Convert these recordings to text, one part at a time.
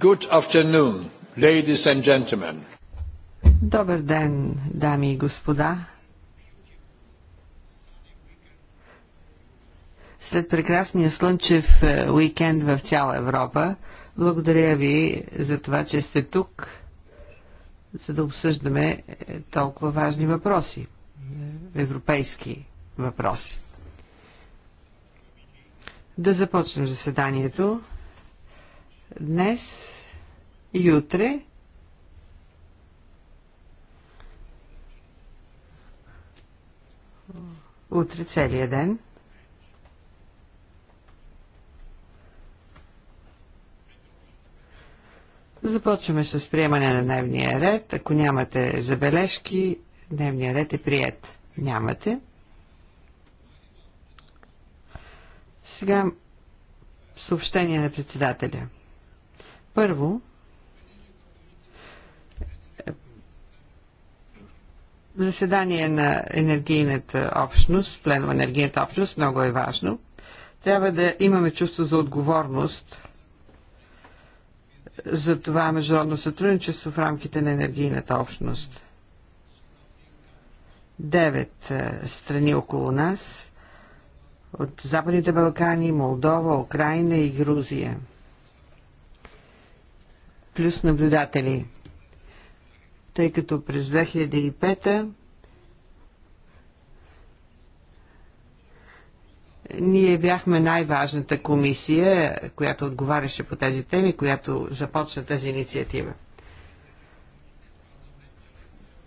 Good afternoon, ladies and gentlemen. Добър ден, дами и господа. След прекрасния слънчев е, уикенд в цяла Европа, благодаря ви за това, че сте тук, за да обсъждаме е, толкова важни въпроси, европейски въпроси. Да започнем заседанието днес и утре. Утре целия ден. Започваме с приемане на дневния ред. Ако нямате забележки, дневния ред е прият. Нямате. Сега съобщение на председателя. Първо, заседание на енергийната общност, плен на енергийната общност, много е важно. Трябва да имаме чувство за отговорност за това международно сътрудничество в рамките на енергийната общност. Девет страни около нас от Западните Балкани, Молдова, Украина и Грузия – плюс наблюдатели. Тъй като през 2005 ние бяхме най-важната комисия, която отговаряше по тези теми, която започна тази инициатива.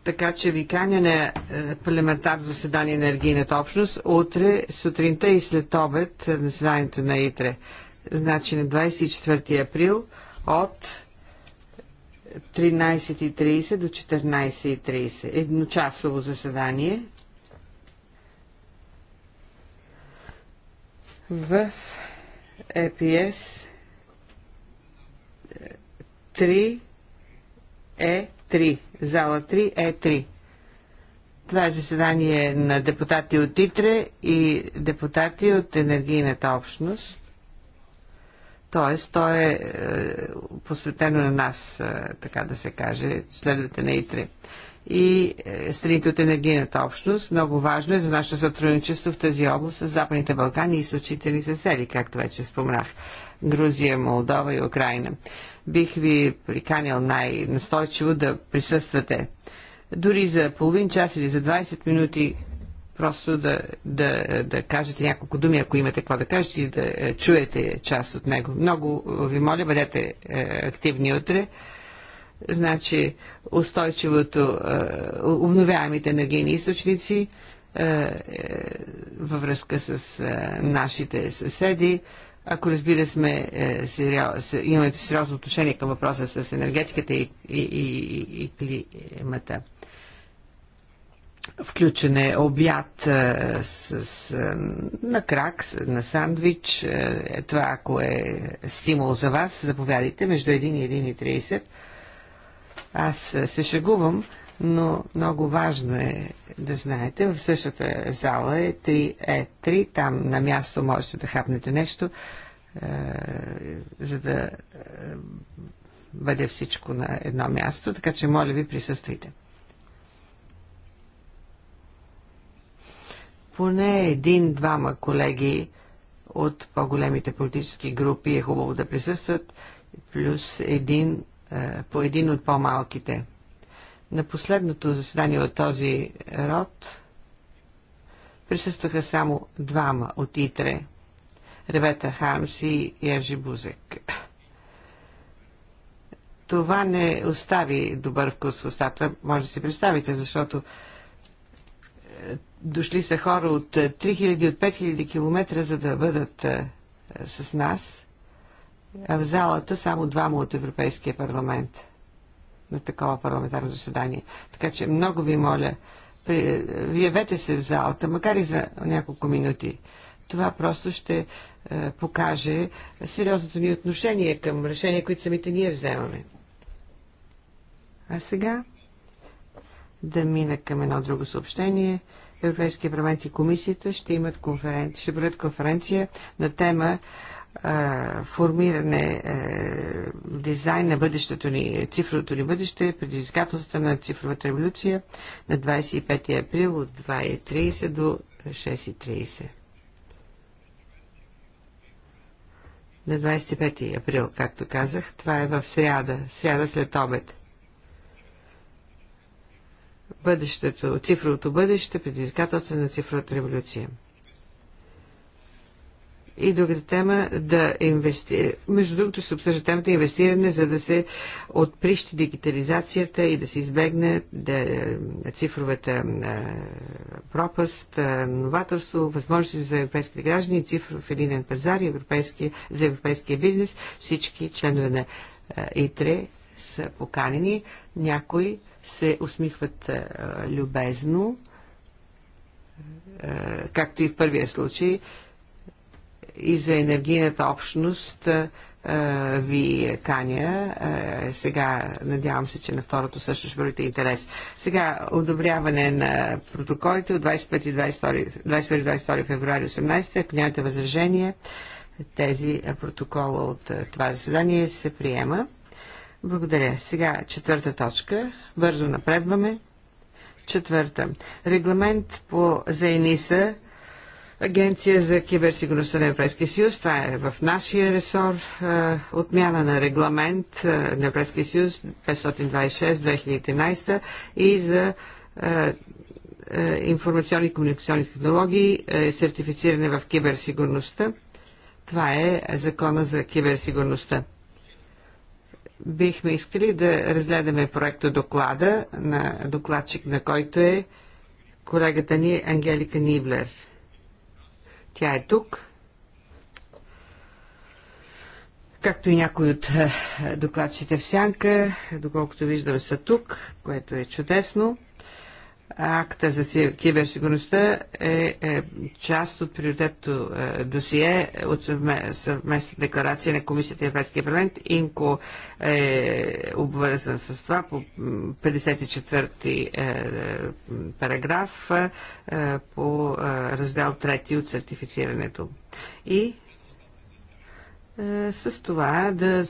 Така че ви каня на е, парламентарно заседание на енергийната общност утре сутринта и след обед на заседанието на ИТРЕ. Значи на 24 април от 13.30 до 14.30. Едночасово заседание. В EPS 3 е 3. Е Зала 3 е 3. Това е заседание на депутати от ИТРЕ и депутати от енергийната общност. Тоест, то е, е, посветено на нас, е, така да се каже, Следвате на ИТРЕ и е, страните от енергийната общност. Много важно е за нашето сътрудничество в тази област с Западните Балкани и с ни съседи, както вече споменах. Грузия, Молдова и Украина. Бих ви приканял най-настойчиво да присъствате. Дори за половин час или за 20 минути просто да, да, да кажете няколко думи, ако имате какво да кажете и да е, чуете част от него. Много ви моля, бъдете е, активни утре. Значи, устойчивото, е, обновяемите енергийни източници във връзка с нашите съседи. Ако разбира сме, имаме сериозно отношение към въпроса с енергетиката и, и, и, и климата. Включен е обяд а, е, с, с, е, на крак, на сандвич. Е, е, това, ако е стимул за вас, заповядайте между 1 и 1.30. Аз се шегувам, но много важно е да знаете. В същата зала е 3E3, там на място можете да хапнете нещо, а, за да а, бъде всичко на едно място, така че моля ви присъствайте. Поне един-двама колеги от по-големите политически групи е хубаво да присъстват, плюс един, е, по един от по-малките. На последното заседание от този род присъстваха само двама от Итре Ревета Хармс и Ержи Бузек. Това не остави добър вкус в устата, може да си представите, защото е, Дошли са хора от 3000, е, от 5000 км, за да бъдат е, с нас. А в залата само двама от Европейския парламент на такова парламентарно заседание. Така че много ви моля, е, явете се в залата, макар и за няколко минути. Това просто ще а, покаже сериозното ни отношение към решения, които самите ние вземаме. А сега да мина към едно друго съобщение. Европейския парламент и комисията ще имат конференция, ще бъдат конференция на тема формиране, е, дизайн на бъдещето ни, цифровото ни бъдеще, предизвикателствата на цифровата революция на 25 април от 2.30 до 6.30. На 25 април, както казах, това е в сряда, сряда след обед бъдещето, цифровото бъдеще, предизвикателство на цифровата революция. И другата тема да инвести... Между другото ще обсъжда темата инвестиране, за да се отприщи дигитализацията и да се избегне да, е, цифровата е, пропаст, е, новаторство, възможности за европейските граждани, цифров единен пазар и европейски, за европейския бизнес. Всички членове на ИТРЕ са поканени. Някои се усмихват любезно, както и в първия случай, и за енергийната общност ви каня. Сега надявам се, че на второто също ще бъдете интерес. Сега одобряване на протоколите от 25 22 февруари 18, ако нямате възражение, тези протокола от това заседание се приема. Благодаря. Сега четвърта точка. Бързо напредваме. Четвърта. Регламент по, за ЕНИСА, Агенция за киберсигурността на Европейския съюз. Това е в нашия ресор. Отмяна на регламент на Европейския съюз 526-2013 и за информационни и комуникационни технологии, е, сертифициране в киберсигурността. Това е закона за киберсигурността бихме искали да разгледаме проекта доклада на докладчик, на който е колегата ни Ангелика Ниблер. Тя е тук, както и някои от е, докладчите в сянка, доколкото виждам са тук, което е чудесно акта за киберсигурността е, е част от приоритетно е, досие от съвместна декларация на Комисията и Европейския парламент. Инко е обвързан с това по 54-ти е, параграф е, по е, раздел 3 от сертифицирането. И е, с това да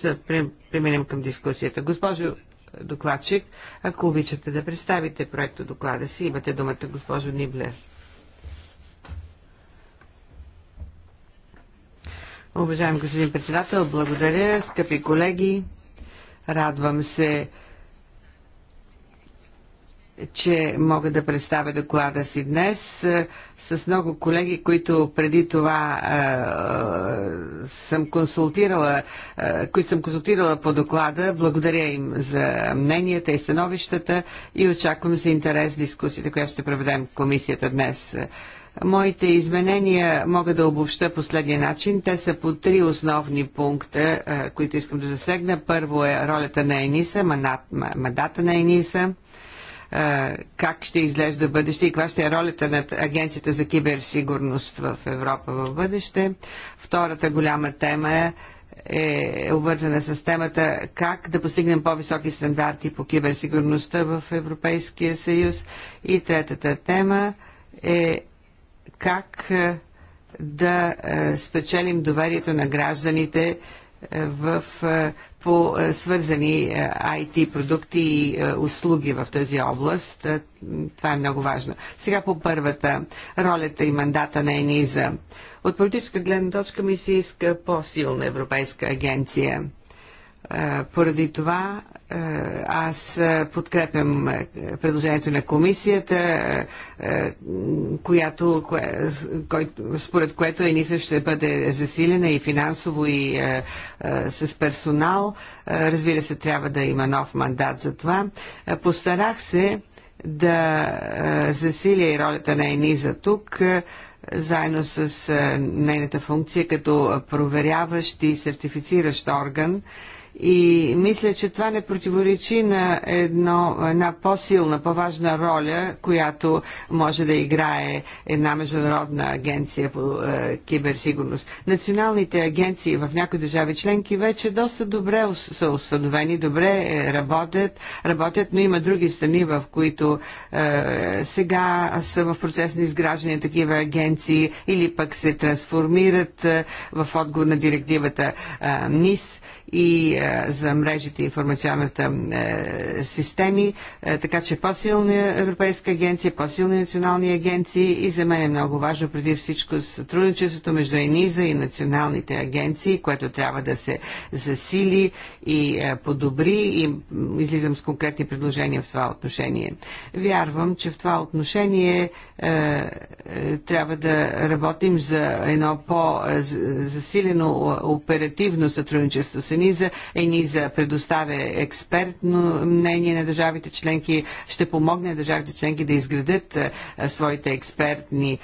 преминем към дискусията. Госпожо докладчик. Ако обичате да представите проекта доклада си, имате думата, госпожо Ниблер. Уважаем господин председател, благодаря, скъпи колеги. Радвам се, че мога да представя доклада си днес е, с много колеги, които преди това е, съм консултирала, е, които съм консултирала по доклада. Благодаря им за мненията и становищата и очаквам за интерес дискусията, която ще проведем комисията днес. Моите изменения мога да обобща последния начин. Те са по три основни пункта, които искам да засегна. Първо е ролята на ЕНИСА, мандата на ЕНИСА как ще изглежда бъдеще и каква ще е ролята на Агенцията за киберсигурност в Европа в бъдеще. Втората голяма тема е е обвързана с темата как да постигнем по-високи стандарти по киберсигурността в Европейския съюз. И третата тема е как да спечелим доверието на гражданите в по е, свързани IT е, продукти и е, услуги в тази област. Това е много важно. Сега по първата ролята и мандата на ЕНИЗА. От политическа гледна точка ми се иска по-силна Европейска агенция. Поради това е, аз е, подкрепям е, предложението на комисията, която, кое, според което ЕНИСА ще бъде засилена и финансово и с персонал. Разбира се, трябва да има нов мандат за това. Постарах се да засиля и ролята на ЕНИСА тук заедно с нейната функция като проверяващ и сертифициращ орган. И мисля, че това не противоречи на едно, една по-силна, по-важна роля, която може да играе една международна агенция по е, киберсигурност. Националните агенции в някои държави членки вече доста добре са установени, добре е, работят, работят, но има други страни, в които е, сега са в процес на изграждане такива агенции или пък се трансформират е, в отговор на директивата е, НИС и е, за мрежите и информационната е, системи, е, така че по-силна Европейска агенция, по-силни национални агенции и за мен е много важно преди всичко сътрудничеството между ЕНИЗА и националните агенции, което трябва да се засили и подобри и излизам с конкретни предложения в това отношение. Вярвам, че в това отношение трябва да работим за едно по-засилено оперативно сътрудничество с ЕНИЗА ЕНИЗА. Е за предоставя експертно мнение на държавите членки, ще помогне на държавите членки да изградят е, е, своите експертни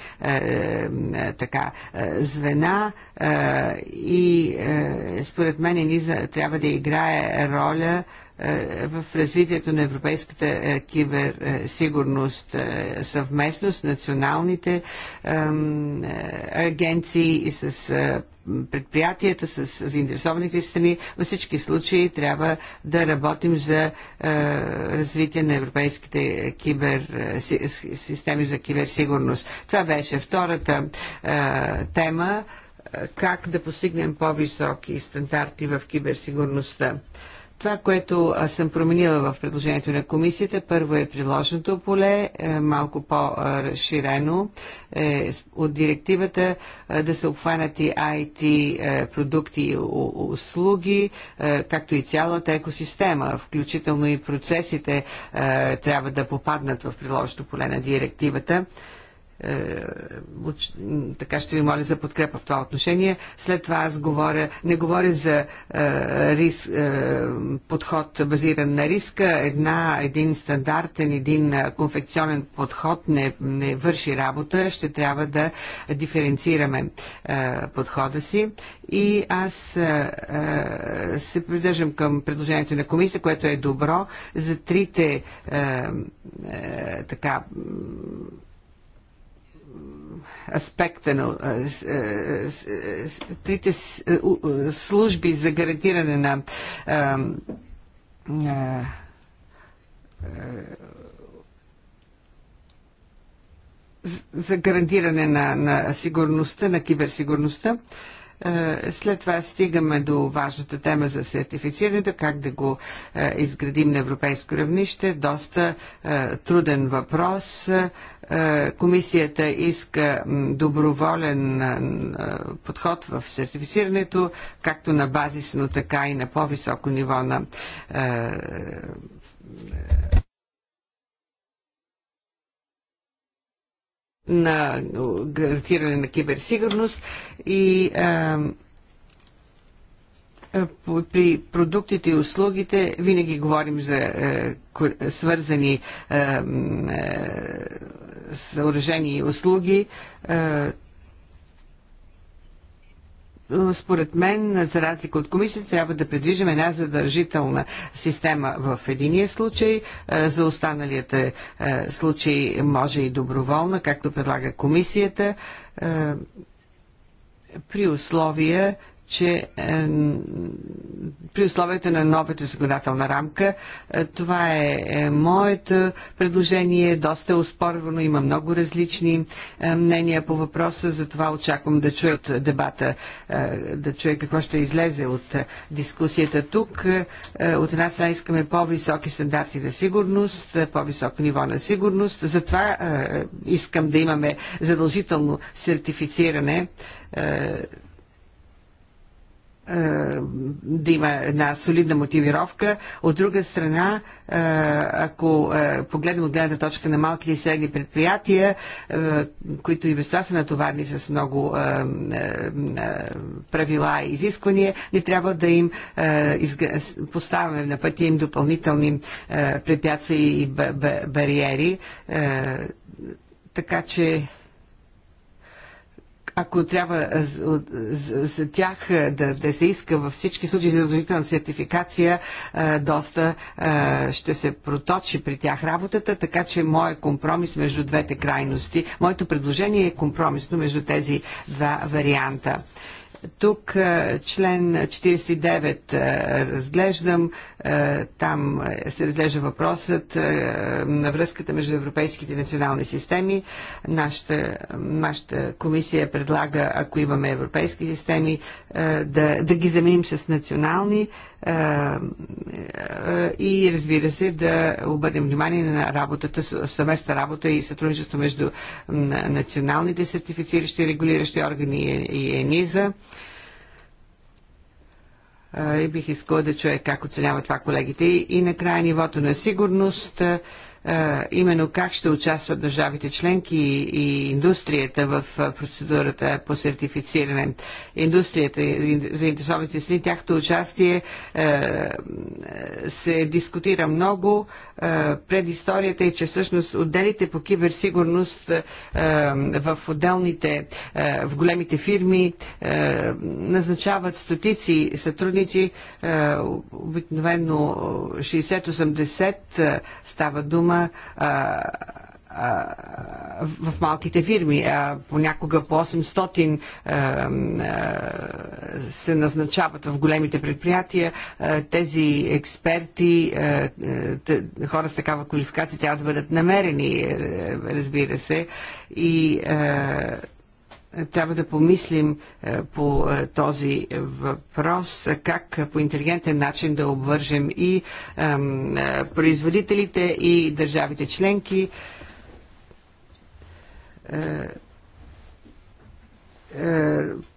така, звена и според мен ни трябва да играе роля в развитието на европейската е, киберсигурност е, е, съвместно с националните агенции и с предприятията, с заинтересованите страни. Във всички случаи трябва да работим за развитие на европейските кибер, системи за киберсигурност. Това беше втората тема как да постигнем по-високи стандарти в киберсигурността. Това, което съм променила в предложението на комисията, първо е приложното поле, е, малко по-разширено е, от директивата е, да се обхванат и IT продукти и услуги, както и цялата екосистема, включително и процесите трябва да попаднат в приложното поле на директивата. Е, така ще ви моля за подкрепа в това отношение. След това аз говоря, не говоря за е, рис, е, подход базиран на риска. Една, един стандартен, един конфекционен подход не, не върши работа. Ще трябва да диференцираме подхода си. И аз се придържам към предложението на комисията, което е добро за трите така аспекта на трите служби за гарантиране на за гарантиране на, на сигурността, на киберсигурността. А, е, след това стигаме до важната тема за сертифицирането, как да го е, изградим на европейско равнище. Доста е, труден въпрос. Комисията иска доброволен подход в сертифицирането, както на базисно, така и на по-високо ниво на на гарантиране на киберсигурност и а, е, при продуктите и услугите винаги говорим за е, свързани е, съоръжения и услуги. Е, според мен, за разлика от комисията, трябва да предвижим една задържителна система в единия случай. Е, за останалите е, случаи може и доброволна, както предлага комисията, е, при условия, че е, при условията на новата законодателна рамка, е, това е, е моето предложение, доста е успорвано, има много различни е, мнения по въпроса, затова очаквам да чуя от дебата, е, да чуя какво ще излезе от е, дискусията тук. Е, от една страна искаме по-високи стандарти на сигурност, е, по-високо ниво на сигурност, затова е, е искам да имаме задължително сертифициране е, е, да има една солидна мотивировка. От друга страна, е, ако е, погледнем от гледната точка на малките и средни предприятия, които и без това са натоварни с много правила и изисквания, не трябва да им поставяме на пътя им допълнителни препятствия и бариери. Така че ако трябва за тях да, да се иска във всички случаи за задължителна сертификация, доста ще се проточи при тях работата, така че моят компромис между двете крайности, моето предложение е компромисно между тези два варианта. Тук член 49 разглеждам. Е, там е, се разглежда въпросът е, на връзката между европейските национални системи. Нашата, нашата комисия предлага, ако имаме европейски системи, да, да ги заменим с национални и разбира се да обърнем внимание на работата, съвместна работа и сътрудничество между националните сертифициращи и регулиращи органи и ЕНИЗА и бих искала да чуя как оценява това колегите. И накрая нивото на сигурност, е, именно как ще участват държавите членки и индустрията в е, процедурата по сертифициране. Индустрията и заинтересованите страни, тяхто участие е, се дискутира много. Предисторията и че всъщност отделите по киберсигурност в отделните, в големите фирми назначават стотици сътрудници, обикновено 60-80 става дума има а, а, в малките фирми. А, понякога по 800 а, а, се назначават в големите предприятия. А, тези експерти, а, хора с такава квалификация трябва да бъдат намерени, е, разбира се. И а, трябва да помислим е, по е, този въпрос, как е, по интелигентен начин да обвържем и производителите, и държавите членки.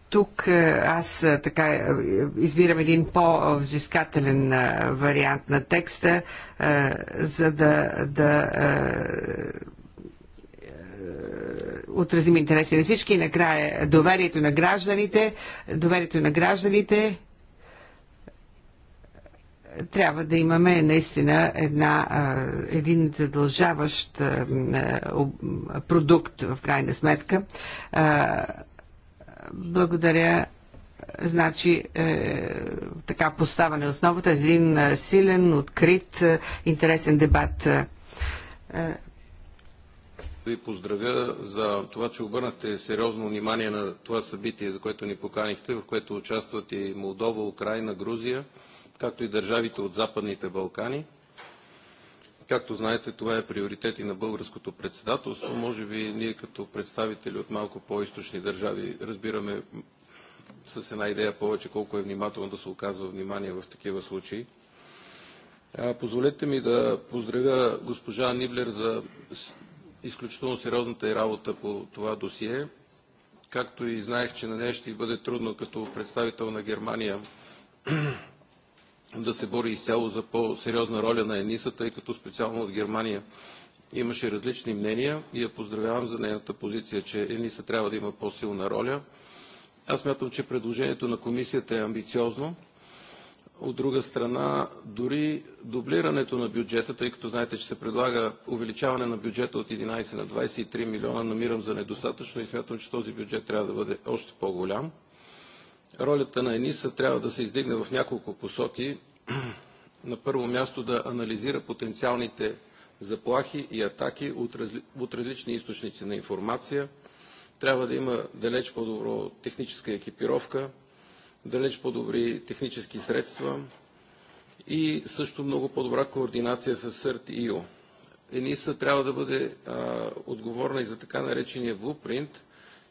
Тук аз така избирам един по-взискателен вариант на текста, за да, да отразим интереси на всички. И накрая доверието на гражданите. Доверието на гражданите трябва да имаме наистина една, един задължаващ продукт в крайна сметка. Благодаря. Значи, е, така поставане основата, един силен, открит, интересен дебат ви поздравя за това, че обърнахте сериозно внимание на това събитие, за което ни поканихте, в което участват и Молдова, Украина, Грузия, както и държавите от Западните Балкани. Както знаете, това е приоритет и на българското председателство. Може би ние като представители от малко по-источни държави разбираме с една идея повече колко е внимателно да се оказва внимание в такива случаи. Позволете ми да поздравя госпожа Ниблер за изключително сериозната й работа по това досие. Както и знаех, че на нея ще бъде трудно като представител на Германия да се бори изцяло за по-сериозна роля на ЕНИСА, тъй като специално от Германия имаше различни мнения и я поздравявам за нейната позиция, че ЕНИСА трябва да има по-силна роля. Аз мятам, че предложението на комисията е амбициозно, от друга страна, дори дублирането на бюджета, тъй като знаете, че се предлага увеличаване на бюджета от 11 на 23 милиона, намирам за недостатъчно и смятам, че този бюджет трябва да бъде още по-голям. Ролята на ЕНИСА трябва да се издигне в няколко посоки. На първо място да анализира потенциалните заплахи и атаки от, разли... от различни източници на информация. Трябва да има далеч по-добро техническа екипировка – далеч по-добри технически средства и също много по-добра координация с СърТ ИО. ЕНИСА трябва да бъде а, отговорна и за така наречения блупринт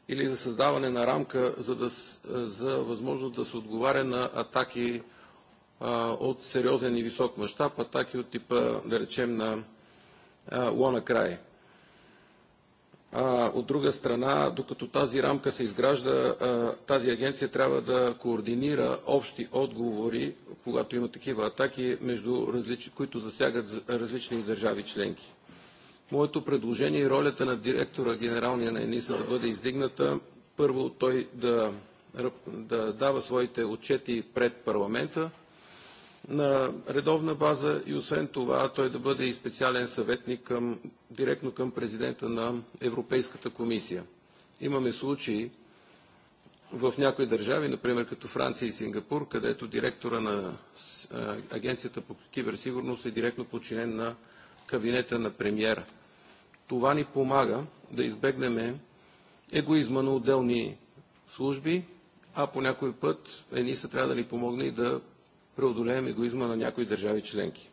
или за създаване на рамка, за, да, за възможност да се отговаря на атаки а, от сериозен и висок мащаб, атаки от типа, да речем, на Лона Край. От друга страна, докато тази рамка се изгражда, тази агенция трябва да координира общи отговори, когато има такива атаки, между различни, които засягат различни държави членки. Моето предложение и ролята на директора генералния на ЕНИСА да бъде издигната, първо той да, да дава своите отчети пред парламента, на редовна база и освен това той да бъде и специален съветник към, директно към президента на Европейската комисия. Имаме случаи в някои държави, например като Франция и Сингапур, където директора на Агенцията по киберсигурност е директно подчинен на кабинета на премьера. Това ни помага да избегнем егоизма на отделни служби, а по някой път ЕНИСА трябва да ни помогне и да преодолеем егоизма на някои държави членки.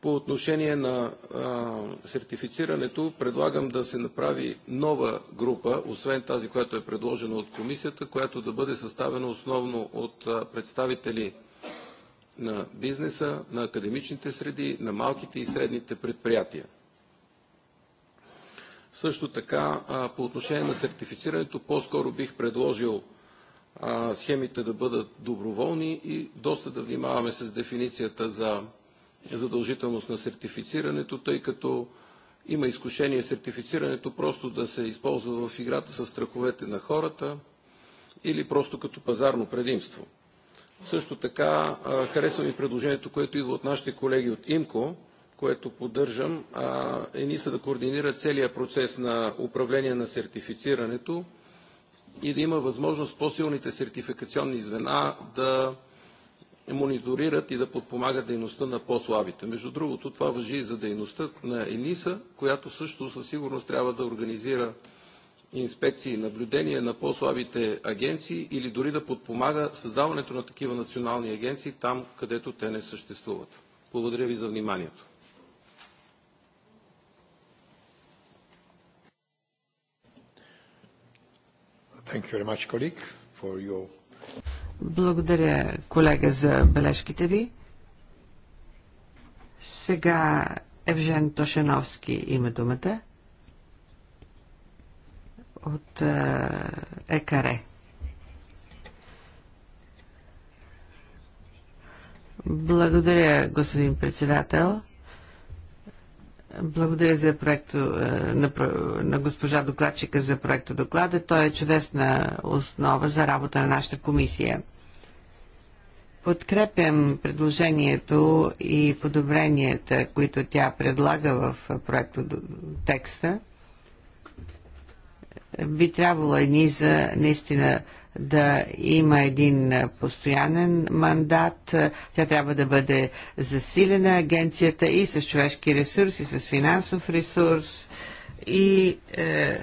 По отношение на а, сертифицирането, предлагам да се направи нова група, освен тази, която е предложена от комисията, която да бъде съставена основно от а, представители на бизнеса, на академичните среди, на малките и средните предприятия. Също така, а, по отношение на сертифицирането, по-скоро бих предложил схемите да бъдат доброволни и доста да внимаваме с дефиницията за задължителност на сертифицирането, тъй като има изкушение сертифицирането просто да се използва в играта с страховете на хората или просто като пазарно предимство. Също така харесвам и предложението, което идва от нашите колеги от ИМКО, което поддържам, е ни са да координира целият процес на управление на сертифицирането и да има възможност по-силните сертификационни звена да мониторират и да подпомагат дейността на по-слабите. Между другото, това въжи и за дейността на ЕНИСА, която също със сигурност трябва да организира инспекции и наблюдения на по-слабите агенции или дори да подпомага създаването на такива национални агенции там, където те не съществуват. Благодаря ви за вниманието. Благодаря, колега, за бележките ви. Сега Евжен Тошеновски има думата от е, ЕКАРЕ. Благодаря, господин председател. Благодаря за проекто, е, на, на госпожа докладчика за проекто доклада. Той е чудесна основа за работа на нашата комисия. Подкрепям предложението и подобренията, които тя предлага в проекто текста. Би трябвало едни за наистина да има един постоянен мандат. Тя трябва да бъде засилена агенцията и с човешки ресурс, и с финансов ресурс, и е,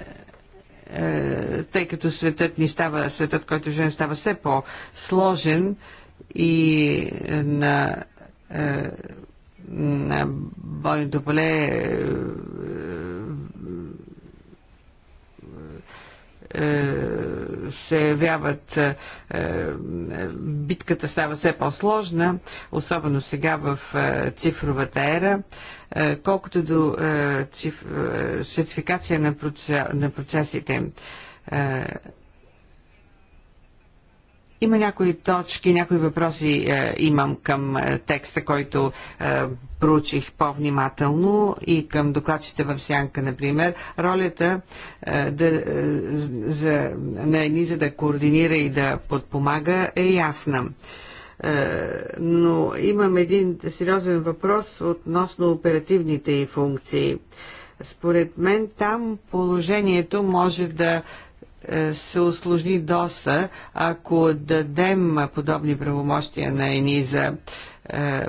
е, тъй като светът ни става, светът, който живеем, става все по-сложен и на е, на бойното поле е, се явяват, е, е, битката става все по-сложна, особено сега в е, цифровата ера. Колкото до сертификация на, процесите, има някои точки, някои въпроси е, имам към е, текста, който е, проучих по-внимателно и към докладчите в Сянка, например. Ролята е, да, е, за, на Ениза да координира и да подпомага е ясна. Е, но имам един сериозен въпрос относно оперативните и функции. Според мен там положението може да е, се осложни доста, ако дадем подобни правомощия на ЕНИЗА е,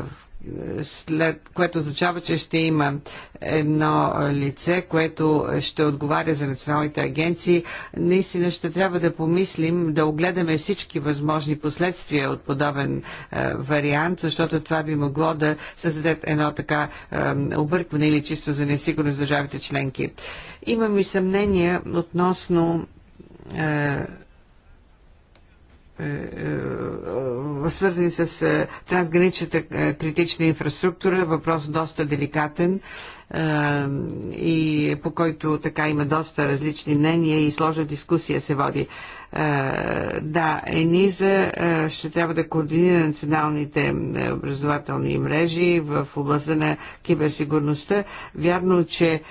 след което означава, че ще има едно лице, което ще отговаря за националните агенции, наистина ще трябва да помислим, да огледаме всички възможни последствия от подобен е, вариант, защото това би могло да създаде едно така е, объркване или чисто за несигурност държавите членки. Имам и съмнение относно е, е, е, свързани с трансграничната критична инфраструктура. Въпрос доста деликатен и по който така има доста различни мнения и сложна дискусия се води. Да, ЕНИЗА ще трябва да координира националните образователни мрежи в областта на киберсигурността. Вярно, че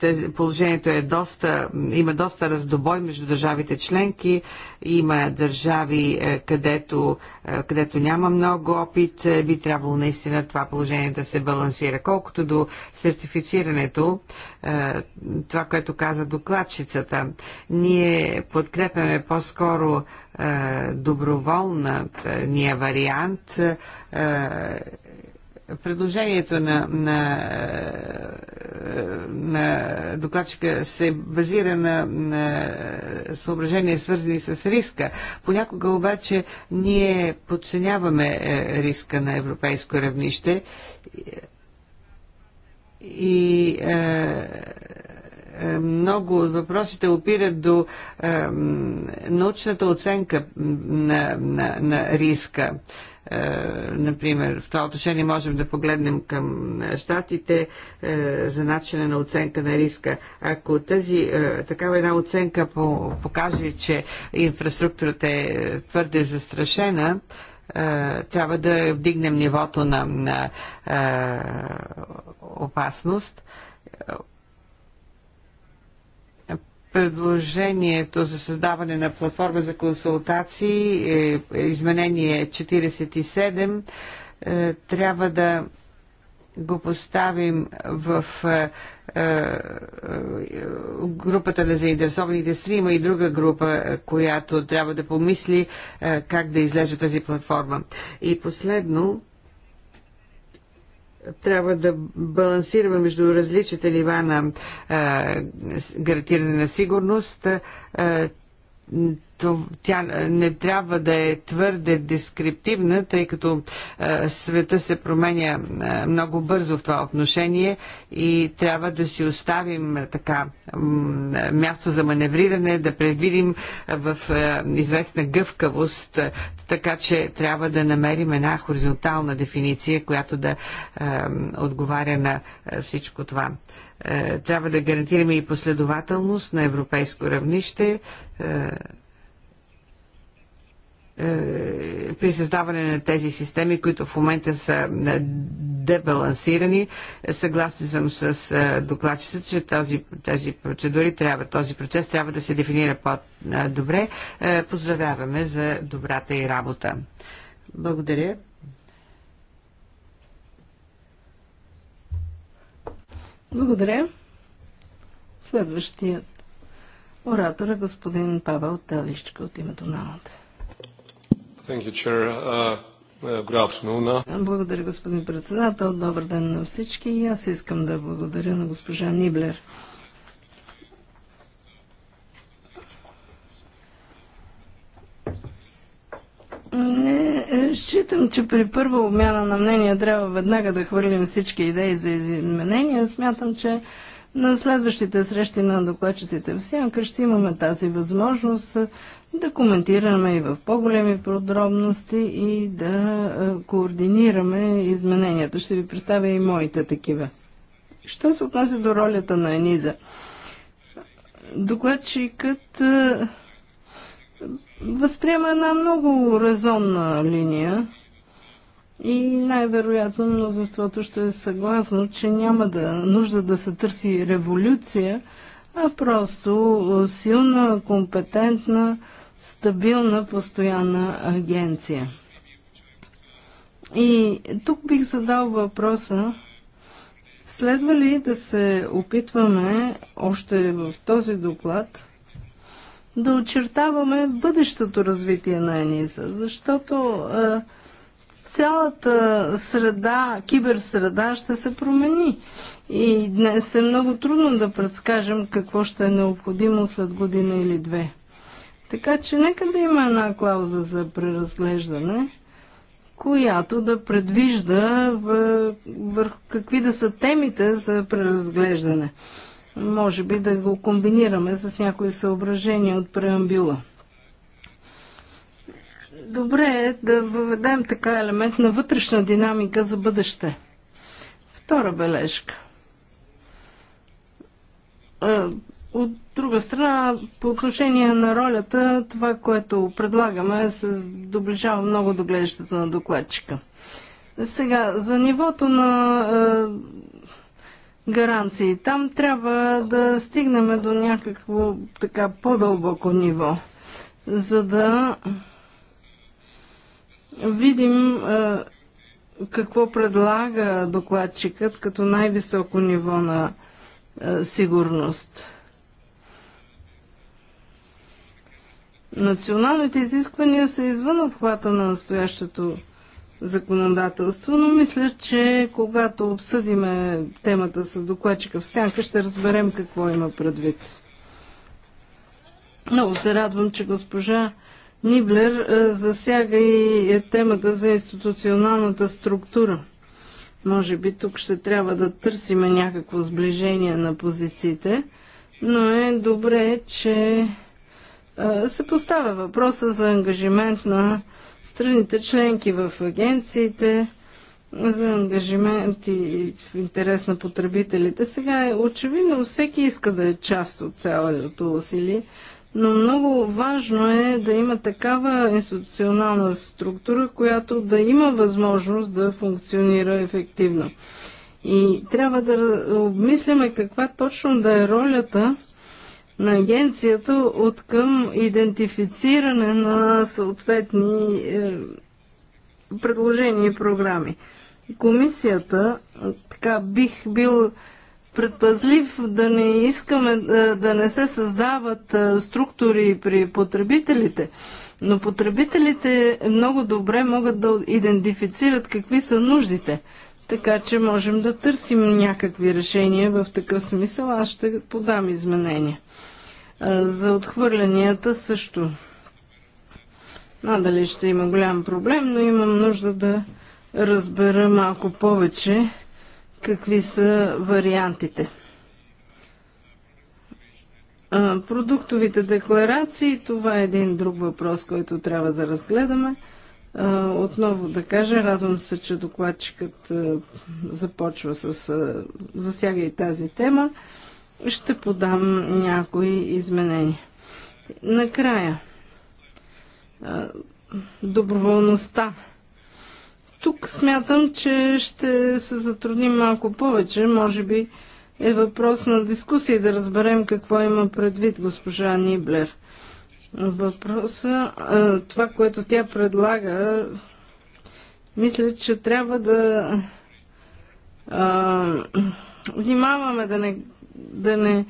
тези, положението е доста, има доста раздобой между държавите членки. Има държави, където, където няма много опит. Би трябвало наистина това положение да се балансира. Колкото до сертифицирането, това, което каза докладчицата, ние подкрепяме по-скоро е, доброволния вариант. Е, предложението на, на, е, на докладчика се базира на, на съображения, свързани с риска. Понякога обаче ние подценяваме риска на европейско равнище и е, е, много от въпросите опират до научната оценка на, на, на риска е, например, в това отношение можем да погледнем към щатите е, за начина на оценка на риска. Ако тази такава една оценка покаже, че инфраструктурата е твърде застрашена, трябва да вдигнем нивото на, на опасност предложението за създаване на платформа за консултации, е изменение 47, е, трябва да го поставим в е, групата на заинтересованите стрима и друга група, която трябва да помисли как да излежа тази платформа. И последно, трябва да балансираме между различните нива на гарантиране на сигурност тя е, не трябва да е твърде дескриптивна, тъй като е, света се променя е, много бързо в това отношение и трябва да си оставим така място за маневриране, да предвидим в известна гъвкавост, така че трябва да намерим една хоризонтална дефиниция, която да отговаря на всичко това трябва да гарантираме и последователност на европейско равнище. Е, при създаване на тези системи, които в момента са е, дебалансирани. Съгласен съм с е, докладчицата, че този, тези процедури трябва, този процес трябва да се дефинира по-добре. Поздравяваме за добрата и работа. Благодаря. Благодаря. Следващият оратор е господин Павел Талищко от името на ОТЕ. Thank you, Chair. Uh, uh, uh, благодаря, господин председател. Добър ден на всички. И аз искам да благодаря на госпожа Ниблер. Не, считам, че при първа обмяна на мнения трябва веднага да хвърлим всички идеи за изменения. Смятам, че на следващите срещи на докладчиците в Сянка ще имаме тази възможност да коментираме и в по-големи подробности и да координираме измененията. Ще ви представя и моите такива. Що се отнася до ролята на Ениза? Докладчикът възприема една много резонна линия и най-вероятно мнозинството ще е съгласно, че няма да нужда да се търси революция, а просто силна, компетентна, стабилна, постоянна агенция. И тук бих задал въпроса, следва ли да се опитваме още в този доклад да очертаваме бъдещото развитие на ЕНИСА, защото е, цялата среда, киберсреда ще се промени. И днес е много трудно да предскажем какво ще е необходимо след година или две. Така че нека да има една клауза за преразглеждане, която да предвижда върху какви да са темите за преразглеждане. Може би да го комбинираме с някои съображения от преамбюла добре е да въведем така елемент на вътрешна динамика за бъдеще. Втора бележка. Е, от друга страна, по отношение на ролята, това, което предлагаме, се доближава много до гледащето на докладчика. Сега, за нивото на е, гаранции, там трябва да стигнем до някакво така по-дълбоко ниво, за да видим какво предлага докладчикът като най-високо ниво на сигурност. Националните изисквания са извън обхвата на настоящето законодателство, но мисля, че когато обсъдиме темата с докладчика в сянка, ще разберем какво има предвид. Много се радвам, че госпожа Ниблер е, засяга и темата за институционалната структура. Може би тук ще трябва да търсиме някакво сближение на позициите, но е добре, че е, се поставя въпроса за ангажимент на страните членки в агенциите, за ангажимент и в интерес на потребителите. Сега е очевидно, всеки иска да е част от цялото усилие, но много важно е да има такава институционална структура, която да има възможност да функционира ефективно. И трябва да обмисляме каква точно да е ролята на агенцията от към идентифициране на съответни е, предложения и програми. Комисията, така бих бил предпазлив да не искаме е, да не се създават е, структури при потребителите, но потребителите много добре могат да идентифицират какви са нуждите. Така че можем да търсим някакви решения в такъв смисъл. Аз ще подам изменения. Е, за отхвърлянията също. Надали ще има голям проблем, но имам нужда да разбера малко повече какви са вариантите. Продуктовите декларации, това е един друг въпрос, който трябва да разгледаме. Отново да кажа, радвам се, че докладчикът започва с засяга и тази тема. Ще подам някои изменения. Накрая, доброволността тук смятам, че ще се затрудним малко повече. Може би е въпрос на дискусия да разберем какво има предвид госпожа Ниблер. Въпроса, това, което тя предлага, мисля, че трябва да а, внимаваме да не, да не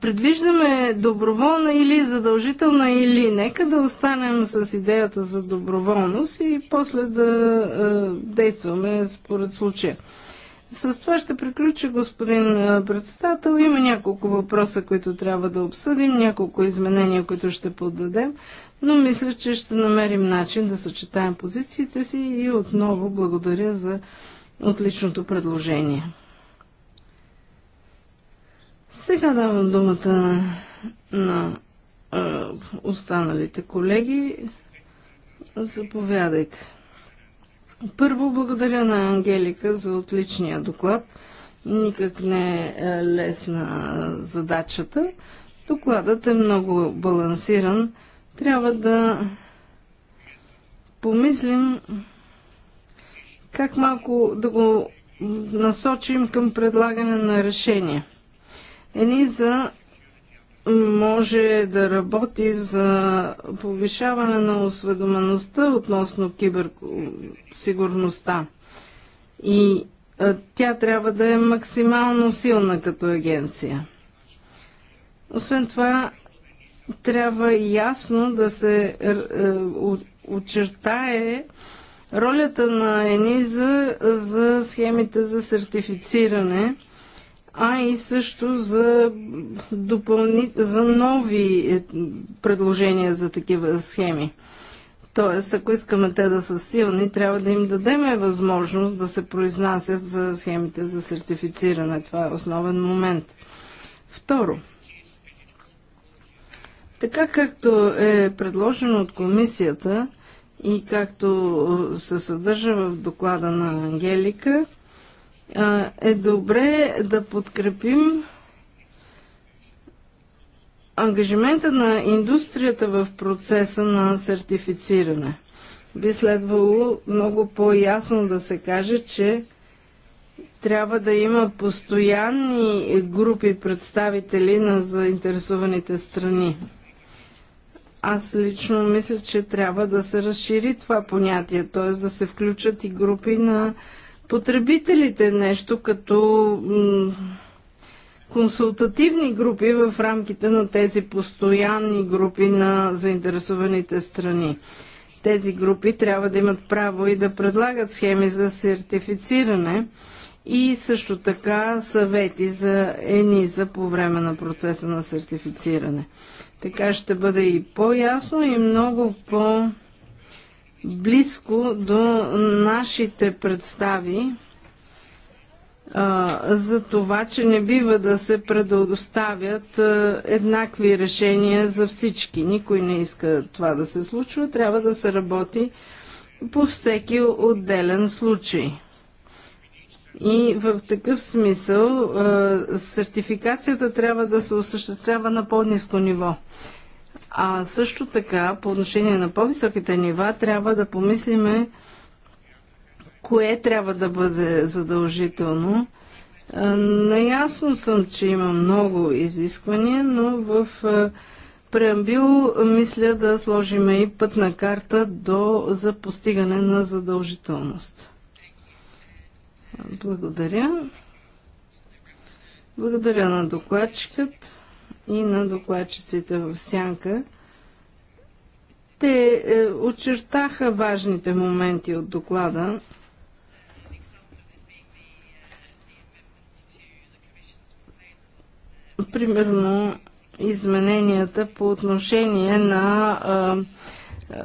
Предвиждаме доброволна или задължителна или. Нека да останем с идеята за доброволност и после да е, действаме според случая. С това ще приключа, господин е, председател. Има няколко въпроса, които трябва да обсъдим, няколко изменения, които ще поддадем, но мисля, че ще намерим начин да съчетаем позициите си и отново благодаря за отличното предложение. Сега давам думата на, а, останалите колеги. Заповядайте. Първо благодаря на Ангелика за отличния доклад. Никак не е, е лесна задачата. Докладът е много балансиран. Трябва да помислим как малко да го насочим към предлагане на решения. Ениза може да работи за повишаване на осведомеността относно киберсигурността. И тя трябва да е максимално силна като агенция. Освен това, трябва ясно да се е, е, очертае ролята на ЕНИЗА за схемите за сертифициране – а и също за, допълни... за нови е, предложения за такива схеми. Тоест, ако искаме те да са силни, трябва да им дадеме възможност да се произнасят за схемите за сертифициране. Това е основен момент. Второ, така както е предложено от комисията и както се съдържа в доклада на Ангелика, е добре да подкрепим ангажимента на индустрията в процеса на сертифициране. Би следвало много по-ясно да се каже, че трябва да има постоянни групи представители на заинтересуваните страни. Аз лично мисля, че трябва да се разшири това понятие, т.е. да се включат и групи на потребителите, нещо като консултативни групи в рамките на тези постоянни групи на заинтересованите страни. Тези групи трябва да имат право и да предлагат схеми за сертифициране и също така съвети за ЕНИЗА по време на процеса на сертифициране. Така ще бъде и по-ясно и много по- близко до нашите представи за това, че не бива да се предоставят еднакви решения за всички. Никой не иска това да се случва. Трябва да се работи по всеки отделен случай. И в такъв смисъл сертификацията трябва да се осъществява на по-низко ниво. А също така, по отношение на по-високите нива, трябва да помислиме кое трябва да бъде задължително. Наясно съм, че има много изисквания, но в преамбил мисля да сложим и пътна карта до, за постигане на задължителност. Благодаря. Благодаря на докладчикът и на докладчиците в Сянка. Те е, очертаха важните моменти от доклада. Примерно измененията по отношение на е, е,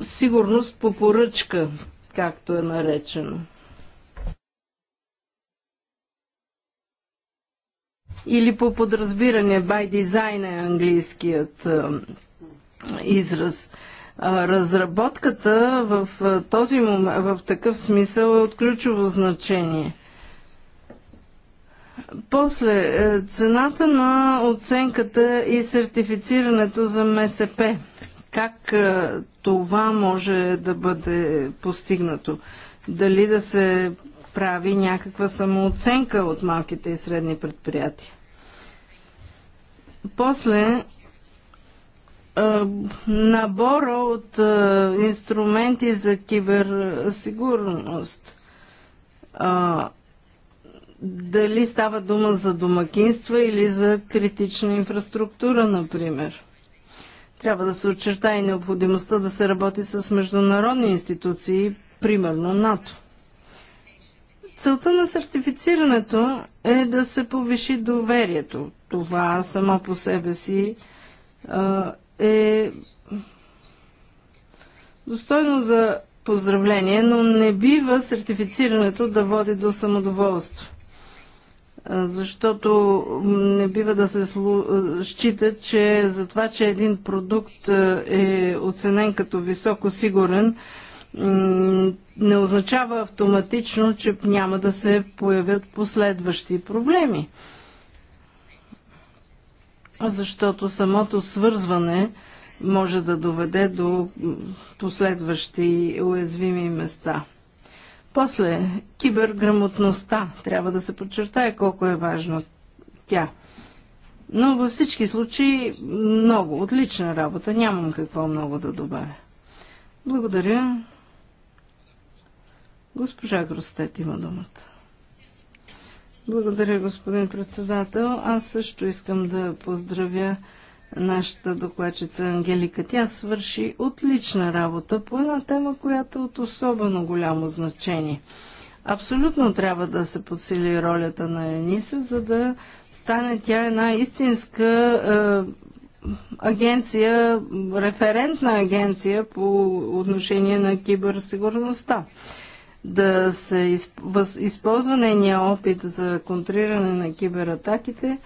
сигурност по поръчка, както е наречено. или по подразбиране, by design е английският е, израз. Разработката в, е, този момент, в такъв смисъл е от ключово значение. После, е, цената на оценката и сертифицирането за МСП. Как това може да бъде постигнато? Дали да се прави някаква самооценка от малките и средни предприятия. После набора от инструменти за киберсигурност. Дали става дума за домакинства или за критична инфраструктура, например. Трябва да се очерта и необходимостта да се работи с международни институции, примерно НАТО. Целта на сертифицирането е да се повиши доверието. Това само по себе си е достойно за поздравление, но не бива сертифицирането да води до самодоволство. Защото не бива да се счита, че за това, че един продукт е оценен като високо сигурен, не означава автоматично, че няма да се появят последващи проблеми. Защото самото свързване може да доведе до последващи уязвими места. После, киберграмотността. Трябва да се подчертае колко е важна тя. Но във всички случаи много, отлична работа. Нямам какво много да добавя. Благодаря. Госпожа Гростет има думата. Благодаря, господин председател. Аз също искам да поздравя нашата докладчица Ангелика. Тя свърши отлична работа по една тема, която е от особено голямо значение. Абсолютно трябва да се подсили ролята на Ениса, за да стане тя една истинска е, агенция, референтна агенция по отношение на киберсигурността да се използва нейния опит за контриране на кибератаките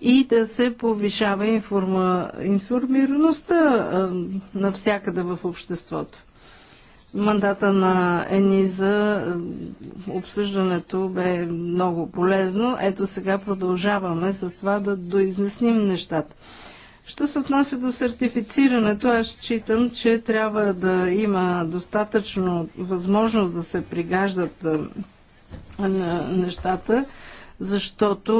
и да се повишава информа, информираността навсякъде в обществото. Мандата на ЕНИЗА, обсъждането бе много полезно. Ето сега продължаваме с това да доизнесним нещата. Що се отнася до сертифицирането, аз считам, че трябва да има достатъчно възможност да се пригаждат нещата, защото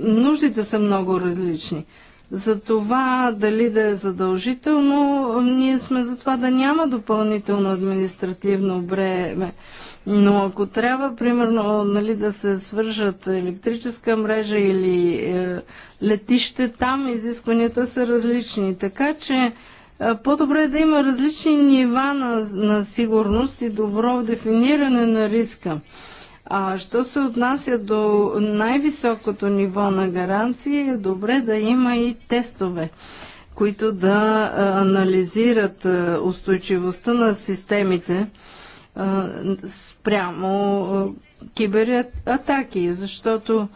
нуждите са много различни. За това дали да е задължително, ние сме за това да няма допълнително административно бреме. Но ако трябва, примерно, нали, да се свържат електрическа мрежа или е, летище, там изискванията са различни. Така че е, по-добре е да има различни нива на, на сигурност и добро дефиниране на риска. А що се отнася до най-високото ниво на гаранции, е добре да има и тестове, които да анализират устойчивостта на системите спрямо кибератаки, защото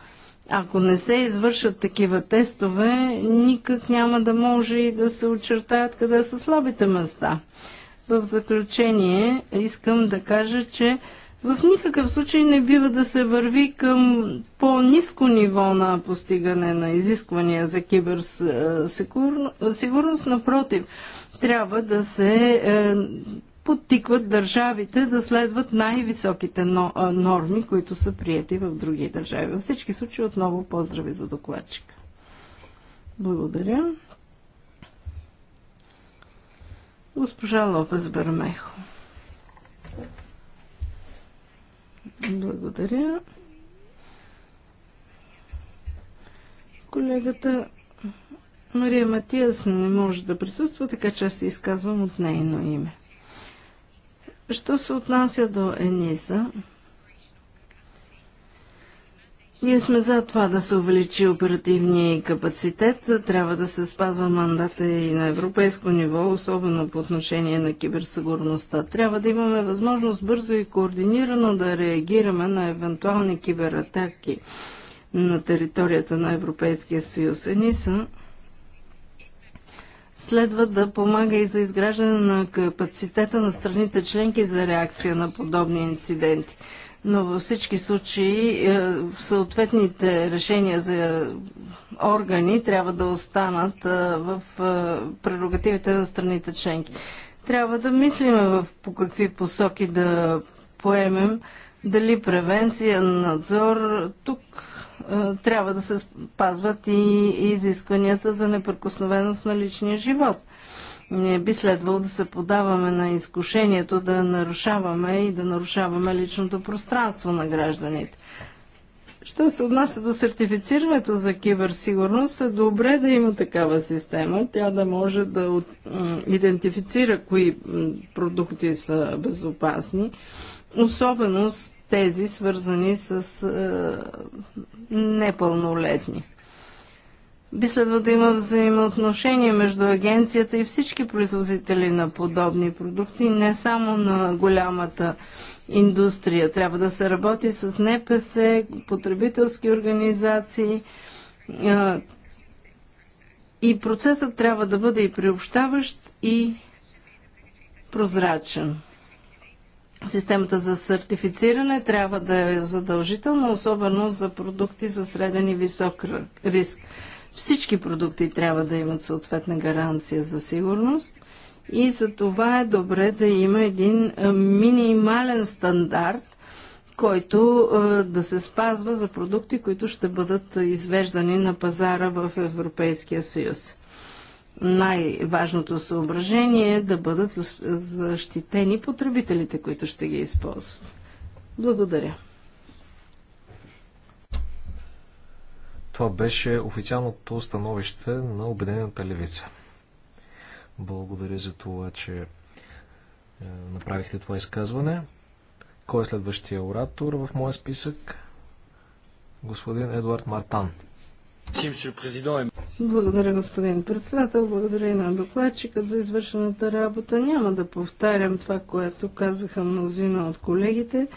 ако не се извършат такива тестове, никак няма да може и да се очертаят къде са слабите места. В заключение искам да кажа, че в никакъв случай не бива да се върви към по-низко ниво на постигане на изисквания за киберсигурност. Напротив, трябва да се е, подтикват държавите да следват най-високите е, норми, които са прияти в други държави. Във всички случаи отново поздрави за докладчика. Благодаря. Госпожа Лопес Бермехо. Благодаря. Колегата Мария Матиас не може да присъства, така че аз се изказвам от нейно име. Що се отнася до Ениса, ние сме за това да се увеличи оперативния капацитет. Трябва да се спазва мандата и на европейско ниво, особено по отношение на киберсигурността. Трябва да имаме възможност бързо и координирано да реагираме на евентуални кибератаки на територията на Европейския съюз. ЕНИСА следва да помага и за изграждане на капацитета на страните членки за реакция на подобни инциденти но във всички случаи е, съответните решения за органи трябва да останат е, в е, прерогативите на страните членки. Трябва да мислиме в, по какви посоки да поемем, дали превенция, надзор. Тук трябва да се спазват и изискванията за неприкосновеност на личния живот – не би следвало да се подаваме на изкушението да нарушаваме и да нарушаваме личното пространство на гражданите. Що се отнася до сертифицирането за киберсигурност, е добре да има такава система. Тя да може да идентифицира кои продукти са безопасни, особено с тези свързани с е, непълнолетни. Би следва да има взаимоотношение между агенцията и всички производители на подобни продукти, не само на голямата индустрия. Трябва да се работи с НПС, потребителски организации и процесът трябва да бъде и приобщаващ, и прозрачен. Системата за сертифициране трябва да е задължителна, особено за продукти със среден и висок риск. Всички продукти трябва да имат съответна гаранция за сигурност и за това е добре да има един минимален стандарт, който да се спазва за продукти, които ще бъдат извеждани на пазара в Европейския съюз. Най-важното съображение е да бъдат защитени потребителите, които ще ги използват. Благодаря. Това беше официалното становище на Обединената левица. Благодаря за това, че е, направихте това изказване. Кой е следващия оратор в моя списък? Господин Едуард Мартан. Благодаря, господин председател. Благодаря и на докладчика за извършената работа. Няма да повтарям това, което казаха мнозина от колегите.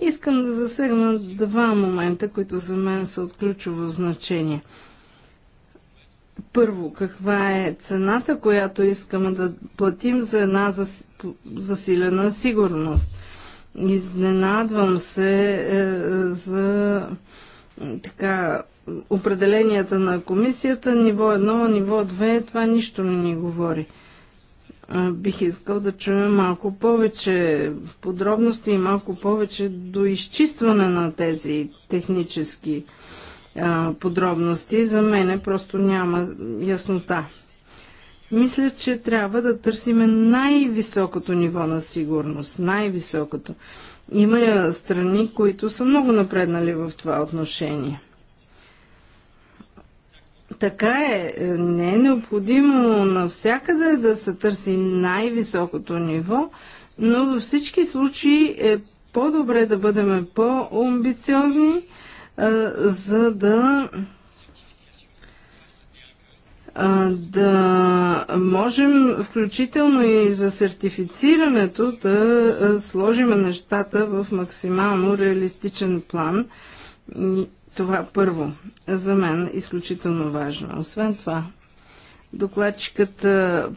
Искам да засегна два момента, които за мен са от ключово значение. Първо, каква е цената, която искаме да платим за една засилена сигурност? Изненадвам се е, е, за така, определенията на комисията, ниво 1, ниво 2, това нищо не ни говори бих искал да чуя малко повече подробности и малко повече до изчистване на тези технически а, подробности. За мене просто няма яснота. Мисля, че трябва да търсиме най-високото ниво на сигурност. Най-високото. Има страни, които са много напреднали в това отношение. Така е, не е необходимо навсякъде да се търси най-високото ниво, но във всички случаи е по-добре да бъдем по-амбициозни, за да да можем включително и за сертифицирането да сложим нещата в максимално реалистичен план това първо за мен е изключително важно. Освен това, докладчикът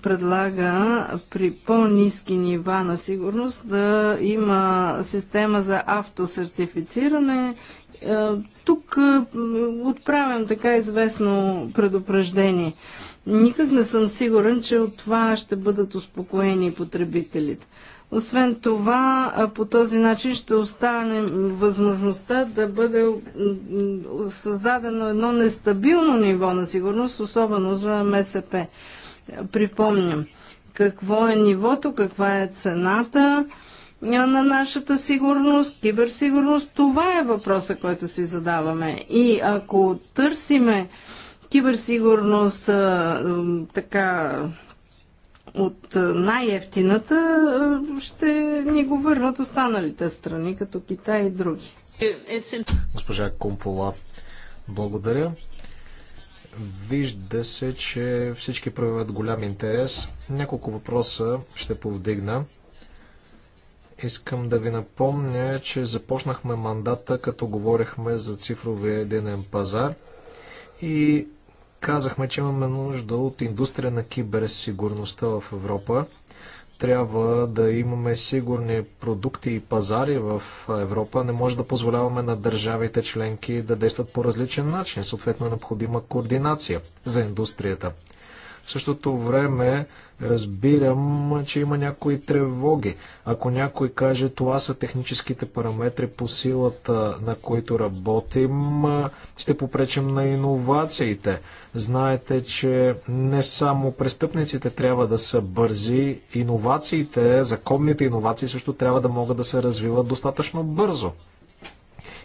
предлага при по-низки нива на сигурност да има система за автосертифициране. Тук отправям така известно предупреждение. Никак не съм сигурен, че от това ще бъдат успокоени потребителите. Освен това, по този начин ще остане възможността да бъде създадено едно нестабилно ниво на сигурност, особено за МСП. Припомням, какво е нивото, каква е цената на нашата сигурност, киберсигурност. Това е въпроса, който си задаваме. И ако търсиме киберсигурност така от е, най-ефтината е, ще ни го върнат останалите страни, като Китай и други. Госпожа Компола, благодаря. Вижда се, че всички проявят голям интерес. Няколко въпроса ще повдигна. Искам да ви напомня, че започнахме мандата, като говорихме за цифровия единен пазар и казахме, че имаме нужда от индустрия на киберсигурността в Европа. Трябва да имаме сигурни продукти и пазари в Европа. Не може да позволяваме на държавите членки да действат по различен начин. Съответно е необходима координация за индустрията. В същото време разбирам, че има някои тревоги. Ако някой каже това са техническите параметри по силата, на които работим, ще попречим на иновациите. Знаете, че не само престъпниците трябва да са бързи, иновациите, законните иновации също трябва да могат да се развиват достатъчно бързо.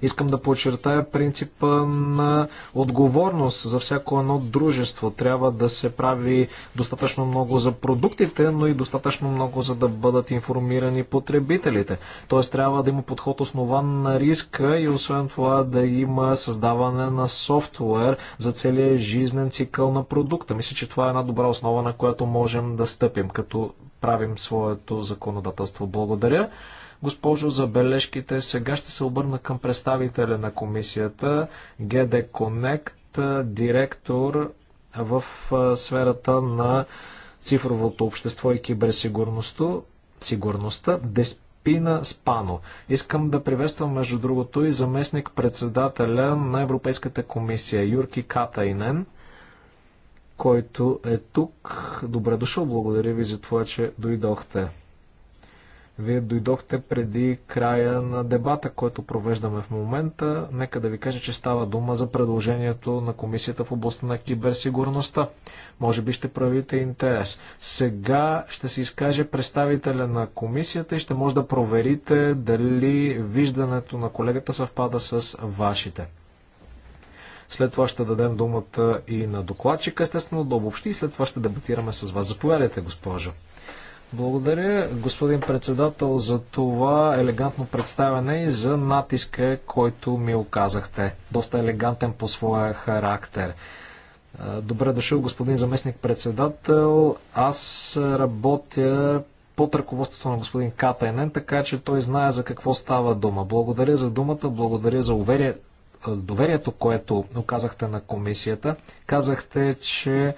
Искам да подчертая принципа на отговорност за всяко едно дружество. Трябва да се прави достатъчно много за продуктите, но и достатъчно много за да бъдат информирани потребителите. Тоест трябва да има подход основан на риска и освен това да има създаване на софтуер за целия жизнен цикъл на продукта. Мисля, че това е една добра основа, на която можем да стъпим, като правим своето законодателство. Благодаря госпожо, забележките, Сега ще се обърна към представителя на комисията, ГД Connect, директор в сферата на цифровото общество и киберсигурността, Деспина Спано. Искам да приветствам, между другото, и заместник председателя на Европейската комисия Юрки Катайнен, който е тук. Добре дошъл, благодаря ви за това, че дойдохте. Вие дойдохте преди края на дебата, който провеждаме в момента. Нека да ви кажа, че става дума за предложението на комисията в областта на киберсигурността. Може би ще правите интерес. Сега ще се изкаже представителя на комисията и ще може да проверите дали виждането на колегата съвпада с вашите. След това ще дадем думата и на докладчика, естествено, да обобщи и след това ще дебатираме с вас. Заповядайте, госпожо. Благодаря, господин председател, за това елегантно представяне и за натиска, който ми оказахте. Доста елегантен по своя характер. Добре дошъл, господин заместник председател. Аз работя под ръководството на господин Катайнен, така че той знае за какво става дума. Благодаря за думата, благодаря за уверие, доверието, което оказахте на комисията. Казахте, че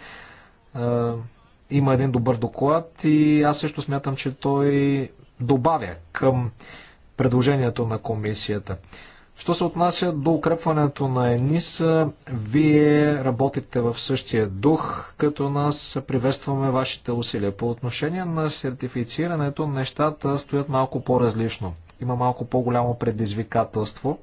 има един добър доклад и аз също смятам, че той добавя към предложението на комисията. Що се отнася до укрепването на ЕНИСА, вие работите в същия дух, като нас приветстваме вашите усилия. По отношение на сертифицирането, нещата стоят малко по-различно. Има малко по-голямо предизвикателство.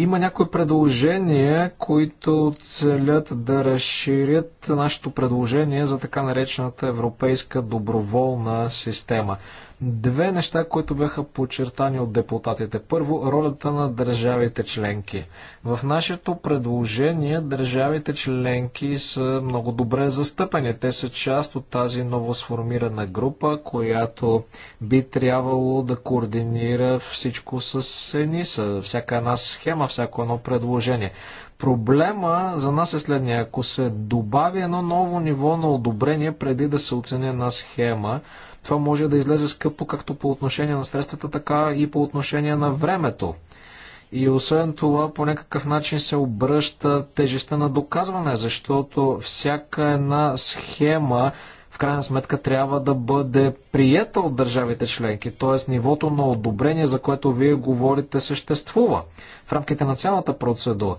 Има някои предложения, които целят да разширят нашето предложение за така наречената европейска доброволна система. Две неща, които бяха подчертани от депутатите. Първо, ролята на държавите членки. В нашето предложение държавите членки са много добре застъпени. Те са част от тази ново сформирана група, която би трябвало да координира всичко с ЕНИСА, всяка една схема, всяко едно предложение. Проблема за нас е следния. Ако се добави едно ново ниво на одобрение преди да се оцени една схема, това може да излезе скъпо както по отношение на средствата, така и по отношение на времето. И освен това, по някакъв начин се обръща тежестта на доказване, защото всяка една схема в крайна сметка трябва да бъде приета от държавите членки, т.е. нивото на одобрение, за което вие говорите, съществува в рамките на цялата процедура.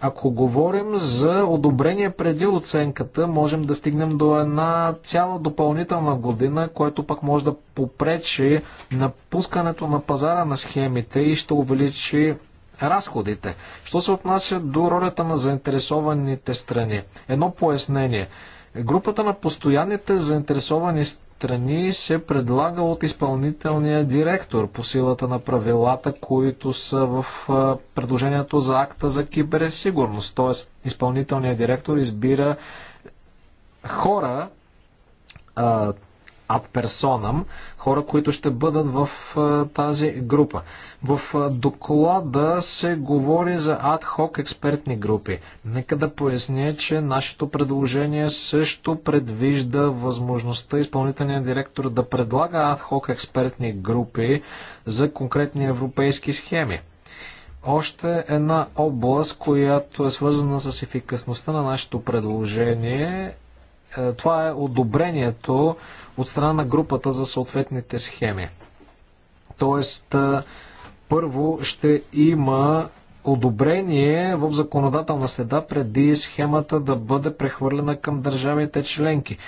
Ако говорим за одобрение преди оценката, можем да стигнем до една цяла допълнителна година, което пък може да попречи напускането на пазара на схемите и ще увеличи разходите. Що се отнася до ролята на заинтересованите страни? Едно пояснение. Групата на постоянните заинтересовани страни се предлага от изпълнителния директор по силата на правилата, които са в предложението за акта за киберсигурност. Тоест, изпълнителният директор избира хора, ад персонам, хора, които ще бъдат в тази група. В доклада се говори за ад-хок експертни групи. Нека да поясня, че нашето предложение също предвижда възможността изпълнителният директор да предлага ад-хок експертни групи за конкретни европейски схеми още една област, която е свързана с ефикасността на нашето предложение е, това е одобрението от страна на групата за съответните схеми. Тоест, е, първо ще има одобрение в законодателна следа преди схемата да бъде прехвърлена към държавите членки.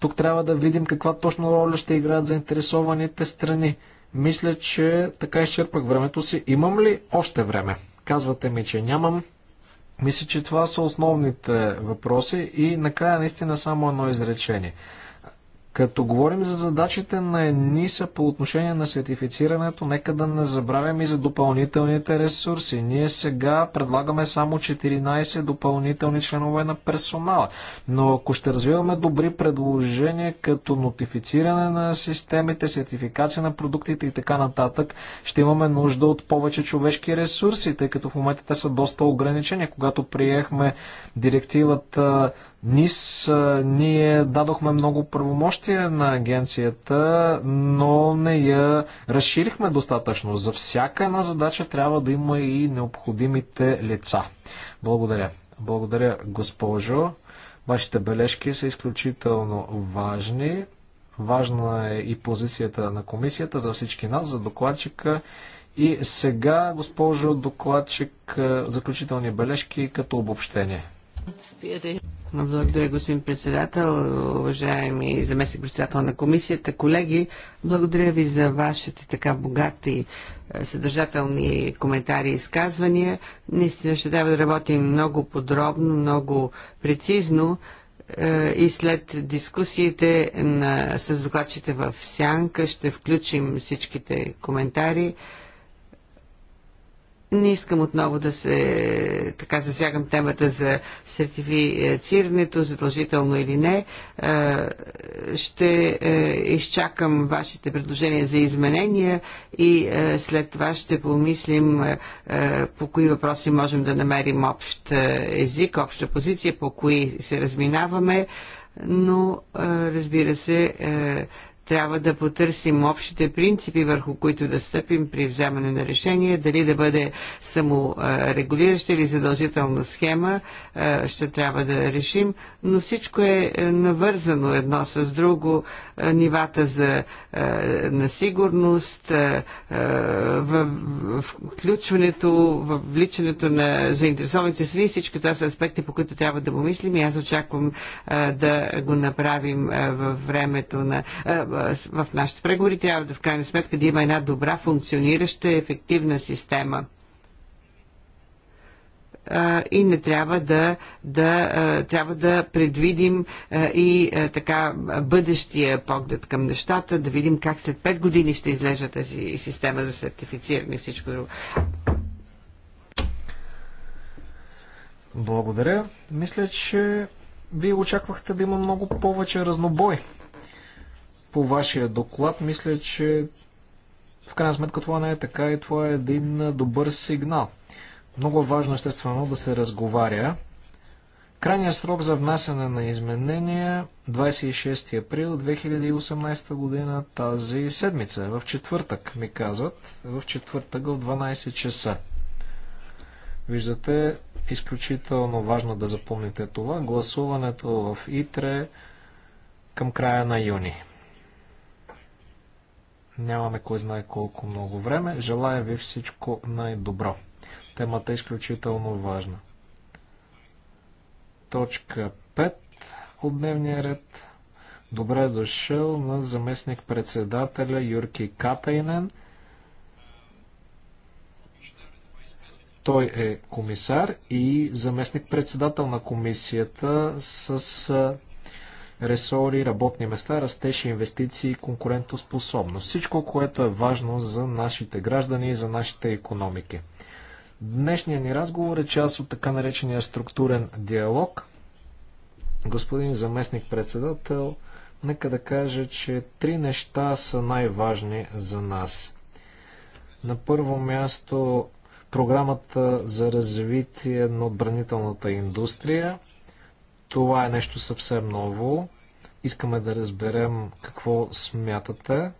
Тук трябва да видим каква точно роля ще играят заинтересованите страни. Мисля, че така изчерпах времето си. Имам ли още време? Казвате ми, че нямам. Мисля, че това са основните въпроси и накрая наистина само едно изречение. Като говорим за задачите на ЕНИСА по отношение на сертифицирането, нека да не забравяме и за допълнителните ресурси. Ние сега предлагаме само 14 допълнителни членове на персонала. Но ако ще развиваме добри предложения, като нотифициране на системите, сертификация на продуктите и така нататък, ще имаме нужда от повече човешки ресурси, тъй като в момента те са доста ограничени. Когато приехме директивата НИС ние дадохме много правомощия на агенцията, но не я разширихме достатъчно. За всяка една задача трябва да има и необходимите лица. Благодаря. Благодаря, госпожо. Вашите бележки са изключително важни. Важна е и позицията на комисията за всички нас, за докладчика. И сега, госпожо докладчик, заключителни бележки като обобщение. Благодаря, господин председател, уважаеми заместник председател на комисията, колеги. Благодаря ви за вашите така богати е, съдържателни коментари и изказвания. Наистина ще трябва да работим много подробно, много прецизно е, и след дискусиите на, с докладчите в Сянка ще включим всичките коментари. Не искам отново да се така засягам темата за сертифицирането, задължително или не. Е, ще е, изчакам вашите предложения за изменения и е, след това ще помислим по кои въпроси можем да намерим общ език, обща позиция, по кои се разминаваме но разбира се трябва да потърсим общите принципи, върху които да стъпим при вземане на решение, дали да бъде саморегулираща или задължителна схема, е, ще трябва да решим, но всичко е, е навързано едно с друго. Е, нивата за, на сигурност, включването, вличането на заинтересованите среди, всички това са аспекти, по които трябва да помислим и аз очаквам да го направим във времето на в нашите преговори трябва да в крайна сметка да има една добра, функционираща, ефективна система и не трябва да, да, трябва да предвидим и така бъдещия поглед към нещата, да видим как след 5 години ще излежа тази система за сертифициране и всичко друго. Благодаря. Мисля, че вие очаквахте да има много повече разнобой по вашия доклад. Мисля, че в крайна сметка това не е така и това е един добър сигнал. Много е важно, естествено, да се разговаря. Крайният срок за внасяне на изменения 26 април 2018 година тази седмица, в четвъртък ми казват, в четвъртък в 12 часа. Виждате, изключително важно да запомните това. Гласуването в ИТРЕ към края на юни. Нямаме кой знае колко много време. Желая ви всичко най-добро. Темата е изключително важна. Точка 5 от дневния ред. Добре дошъл на заместник председателя Юрки Катайнен. Той е комисар и заместник председател на комисията с ресори, работни места, растеше инвестиции и конкурентоспособност. Всичко, което е важно за нашите граждани и за нашите економики. Днешният ни разговор е част от така наречения структурен диалог. Господин заместник председател, нека да кажа, че три неща са най-важни за нас. На първо място програмата за развитие на отбранителната индустрия – това е нещо съвсем ново. Искаме да разберем какво смятате.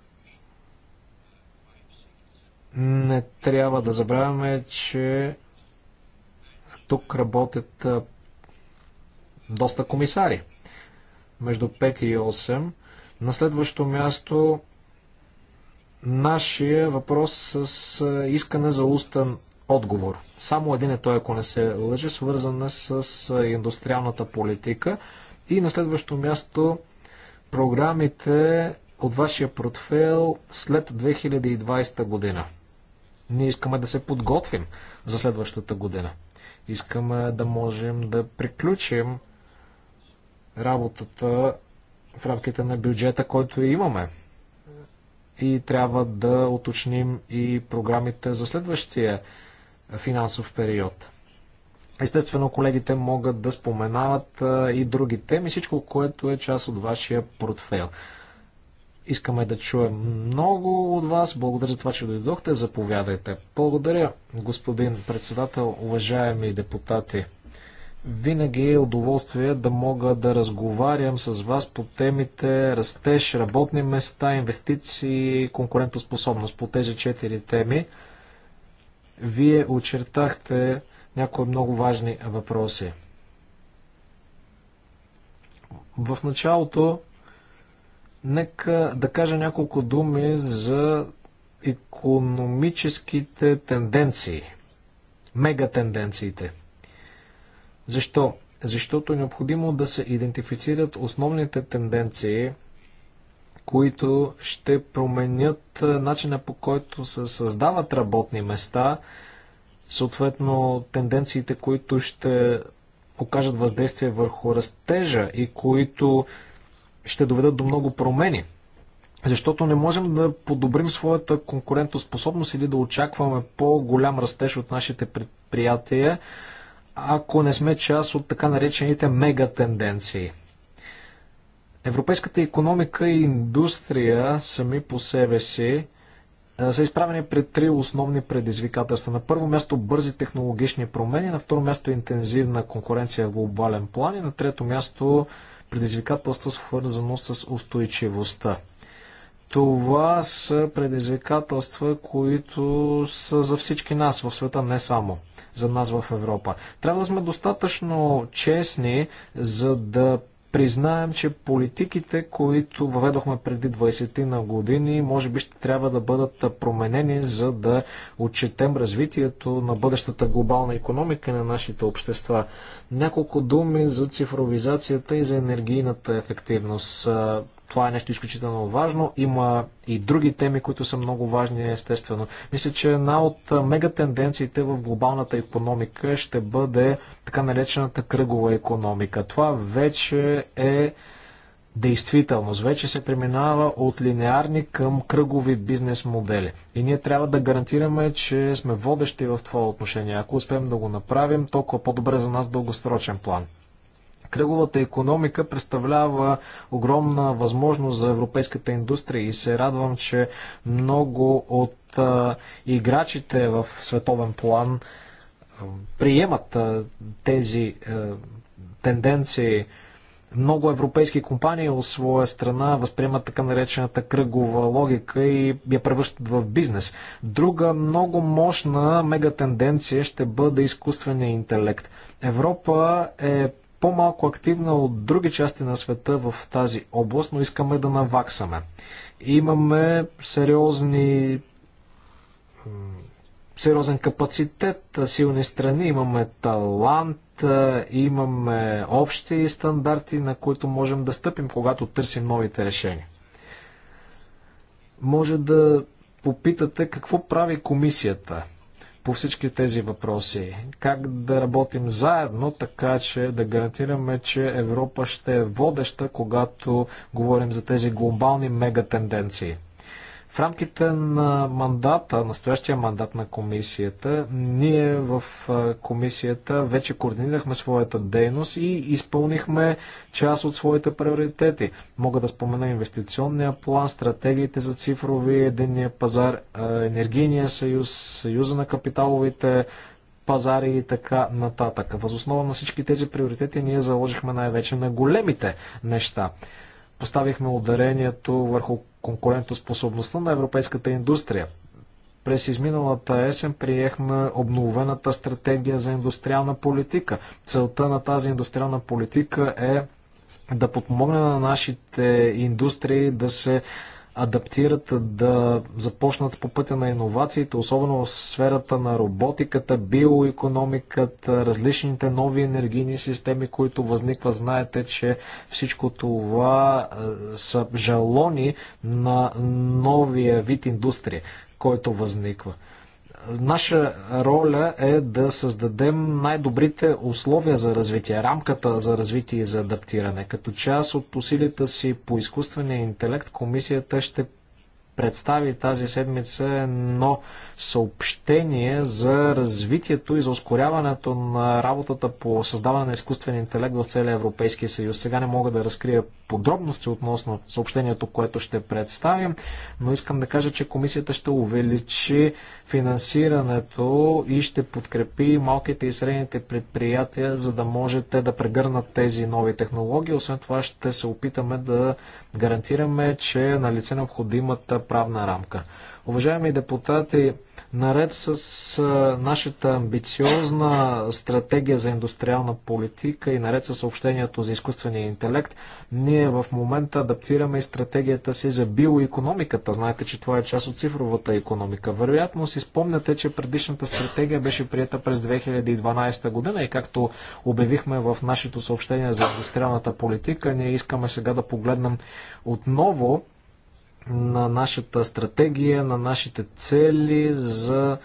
Не трябва да забравяме, че тук работят доста комисари. Между 5 и 8. На следващо място нашия въпрос с искане за устен отговор. Само един е той, ако не се лъжи, свързан е с индустриалната политика. И на следващо място програмите от вашия портфел след 2020 година. Ние искаме да се подготвим за следващата година. Искаме да можем да приключим работата в рамките на бюджета, който имаме. И трябва да уточним и програмите за следващия финансов период. Естествено, колегите могат да споменават и други теми, всичко, което е част от вашия портфел. Искаме да чуем много от вас. Благодаря за това, че дойдохте. Заповядайте. Благодаря, господин председател, уважаеми депутати. Винаги е удоволствие да мога да разговарям с вас по темите растеж, работни места, инвестиции, конкурентоспособност по тези четири теми. Вие очертахте някои много важни въпроси. В началото, нека да кажа няколко думи за економическите тенденции, мегатенденциите. Защо? Защото е необходимо да се идентифицират основните тенденции – които ще променят начина по който се създават работни места, съответно тенденциите, които ще окажат въздействие върху растежа и които ще доведат до много промени. Защото не можем да подобрим своята конкурентоспособност или да очакваме по-голям растеж от нашите предприятия, ако не сме част от така наречените мегатенденции. Европейската економика и индустрия сами по себе си са изправени пред три основни предизвикателства. На първо място бързи технологични промени, на второ място интензивна конкуренция в глобален план и на трето място предизвикателство свързано с устойчивостта. Това са предизвикателства, които са за всички нас в света, не само за нас в Европа. Трябва да сме достатъчно честни, за да признаем, че политиките, които въведохме преди 20 ти на години, може би ще трябва да бъдат променени, за да отчетем развитието на бъдещата глобална економика на нашите общества. Няколко думи за цифровизацията и за енергийната ефективност. Това е нещо изключително важно. Има и други теми, които са много важни, естествено. Мисля, че една от мегатенденциите в глобалната економика ще бъде така наречената кръгова економика. Това вече е действителност. Вече се преминава от линеарни към кръгови бизнес модели. И ние трябва да гарантираме, че сме водещи в това отношение. Ако успеем да го направим, толкова по-добре за нас дългосрочен план. Кръговата економика представлява огромна възможност за европейската индустрия и се радвам, че много от а, играчите в световен план а, приемат а, тези а, тенденции. Много европейски компании от своя страна възприемат така наречената кръгова логика и я превръщат в бизнес. Друга много мощна мегатенденция ще бъде изкуствения интелект. Европа е по-малко активна от други части на света в тази област, но искаме да наваксаме. Имаме сериозни сериозен капацитет, силни страни, имаме талант, имаме общи стандарти, на които можем да стъпим, когато търсим новите решения. Може да попитате какво прави комисията по всички тези въпроси. Как да работим заедно, така че да гарантираме, че Европа ще е водеща, когато говорим за тези глобални мегатенденции. В рамките на мандата, настоящия мандат на комисията, ние в комисията вече координирахме своята дейност и изпълнихме част от своите приоритети. Мога да спомена инвестиционния план, стратегиите за цифрови единния пазар, енергийния съюз, съюза на капиталовите пазари и така нататък. Възоснова на всички тези приоритети ние заложихме най-вече на големите неща. Поставихме ударението върху конкурентоспособността на европейската индустрия. През изминалата есен приехме обновената стратегия за индустриална политика. Целта на тази индустриална политика е да подпомогне на нашите индустрии да се адаптират, да започнат по пътя на иновациите, особено в сферата на роботиката, биоекономиката, различните нови енергийни системи, които възникват. Знаете, че всичко това е, са жалони на новия вид индустрия, който възниква. Наша роля е да създадем най-добрите условия за развитие, рамката за развитие и за адаптиране. Като част от усилията си по изкуствения интелект, комисията ще представи тази седмица едно съобщение за развитието и за ускоряването на работата по създаване на изкуствен интелект в целия Европейския съюз. Сега не мога да разкрия подробности относно съобщението, което ще представим, но искам да кажа, че комисията ще увеличи финансирането и ще подкрепи малките и средните предприятия, за да може те да прегърнат тези нови технологии. Освен това ще се опитаме да гарантираме, че е на лице необходимата правна рамка. Уважаеми депутати, Наред с нашата амбициозна стратегия за индустриална политика и наред с съобщението за изкуствения интелект, ние в момента адаптираме и стратегията си за биоекономиката. Знаете, че това е част от цифровата економика. Вероятно си спомняте, че предишната стратегия беше прията през 2012 година и както обявихме в нашето съобщение за индустриалната политика, ние искаме сега да погледнем отново на нашата стратегия, на нашите цели за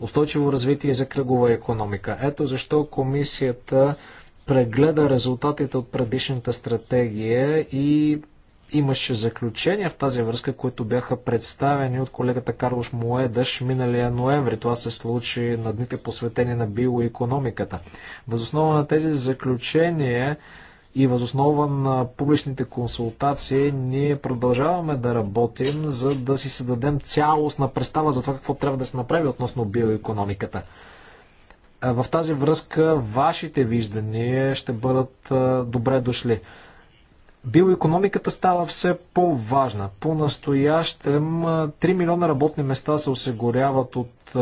устойчиво развитие и за кръгова економика. Ето защо комисията прегледа резултатите от предишната стратегия и имаше заключения в тази връзка, които бяха представени от колегата Карлош Моедаш миналия ноември. Това се случи на дните посветени на биоекономиката. Възоснова на тези заключения и възоснова на публичните консултации ние продължаваме да работим, за да си създадем цялостна представа за това какво трябва да се направи относно биоекономиката. В тази връзка вашите виждания ще бъдат добре дошли. Биоекономиката става все по-важна. По-настоящем 3 милиона работни места се осигуряват от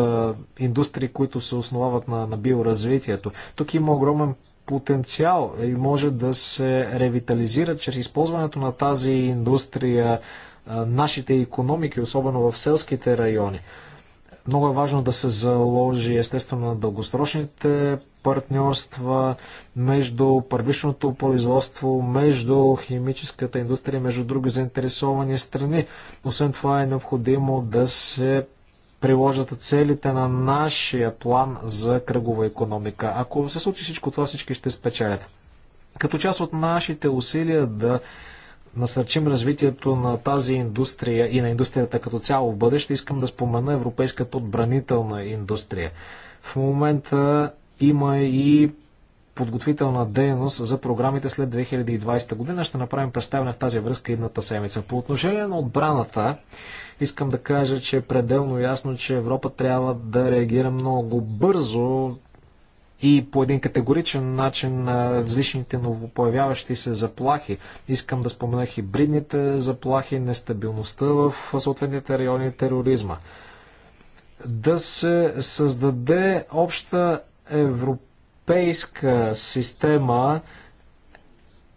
индустрии, които се основават на, на биоразвитието. Тук има огромен потенциал и може да се ревитализира чрез използването на тази индустрия нашите економики, особено в селските райони. Много е важно да се заложи естествено на дългосрочните партньорства между първичното производство, между химическата индустрия, между други заинтересовани страни. Освен това е необходимо да се приложат целите на нашия план за кръгова економика. Ако се случи всичко това, всички ще спечелят. Като част от нашите усилия да насърчим развитието на тази индустрия и на индустрията като цяло в бъдеще, искам да спомена европейската отбранителна индустрия. В момента има и подготвителна дейност за програмите след 2020 година. Ще направим представяне в тази връзка едната седмица. По отношение на отбраната, Искам да кажа, че е пределно ясно, че Европа трябва да реагира много бързо и по един категоричен начин на различните новопоявяващи се заплахи. Искам да спомена хибридните заплахи, нестабилността в съответните райони, тероризма. Да се създаде обща европейска система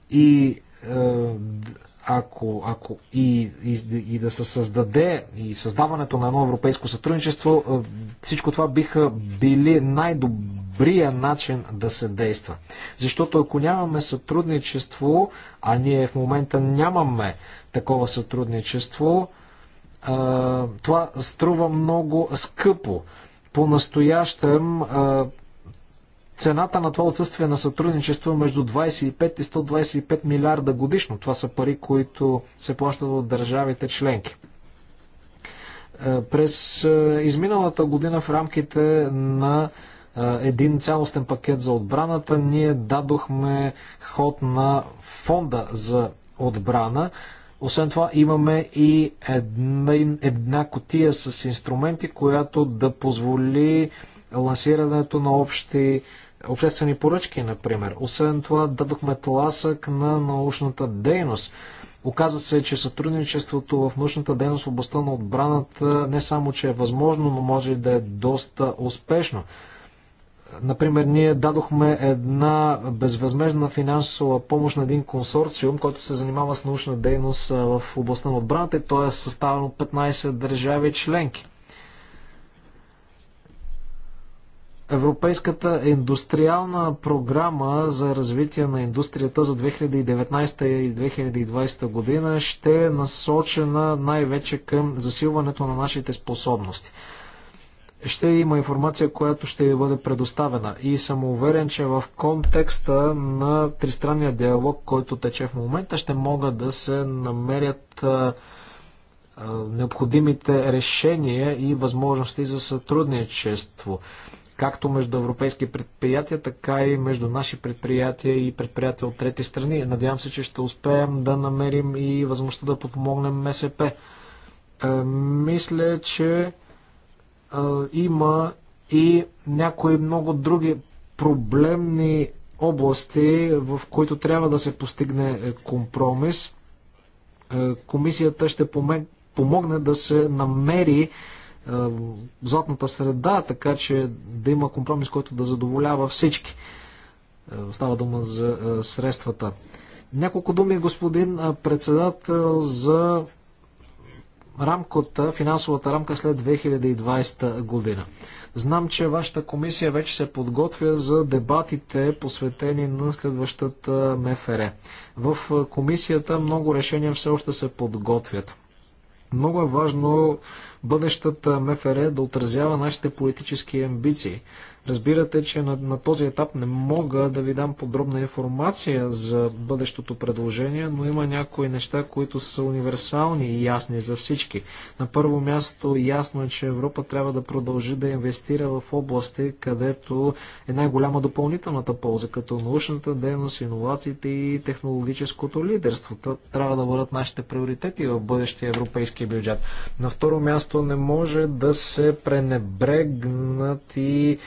и е, ако, ако и, и, и да се създаде и създаването на едно европейско сътрудничество, е, всичко това биха били най-добрия начин да се действа. Защото ако нямаме сътрудничество, а ние в момента нямаме такова сътрудничество, е, това струва много скъпо. По-настоящем е, Цената на това отсъствие на сътрудничество е между 25 и 125 милиарда годишно. Това са пари, които се плащат от държавите членки. Е, през е, изминалата година в рамките на е, един цялостен пакет за отбраната ние дадохме ход на фонда за отбрана. Освен това имаме и една, една котия с инструменти, която да позволи лансирането на общи обществени поръчки, например. Освен това, дадохме тласък на научната дейност. Оказва се, че сътрудничеството в научната дейност в областта на отбраната не само, че е възможно, но може да е доста успешно. Например, ние дадохме една безвъзмежна финансова помощ на един консорциум, който се занимава с научна дейност в областта на отбраната и той е съставен от 15 държави членки. Европейската индустриална програма за развитие на индустрията за 2019 и 2020 година ще е насочена най-вече към засилването на нашите способности. Ще има информация, която ще ви бъде предоставена и съм уверен, че в контекста на тристранния диалог, който тече в момента, ще могат да се намерят необходимите решения и възможности за сътрудничество както между европейски предприятия, така и между наши предприятия и предприятия от трети страни. Надявам се, че ще успеем да намерим и възможността да подпомогнем МСП. Е, мисля, че е, има и някои много други проблемни области, в които трябва да се постигне е, компромис. Комисията ще помогне да се намери е, златната среда, така че да има компромис, който да задоволява всички. Е, става дума за е, средствата. Няколко думи, господин председател, за рамката, финансовата рамка след 2020 година. Знам, че вашата комисия вече се подготвя за дебатите, посветени на следващата МФР. В комисията много решения все още се подготвят. Много е важно бъдещата МФР да отразява нашите политически амбиции. Разбирате, че на, на този етап не мога да ви дам подробна информация за бъдещото предложение, но има някои неща, които са универсални и ясни за всички. На първо място ясно е, че Европа трябва да продължи да инвестира в области, където е най-голяма допълнителната полза, като научната дейност, иновациите и технологическото лидерство. Това трябва да бъдат нашите приоритети в бъдещия европейски бюджет. На второ място не може да се пренебрегнат и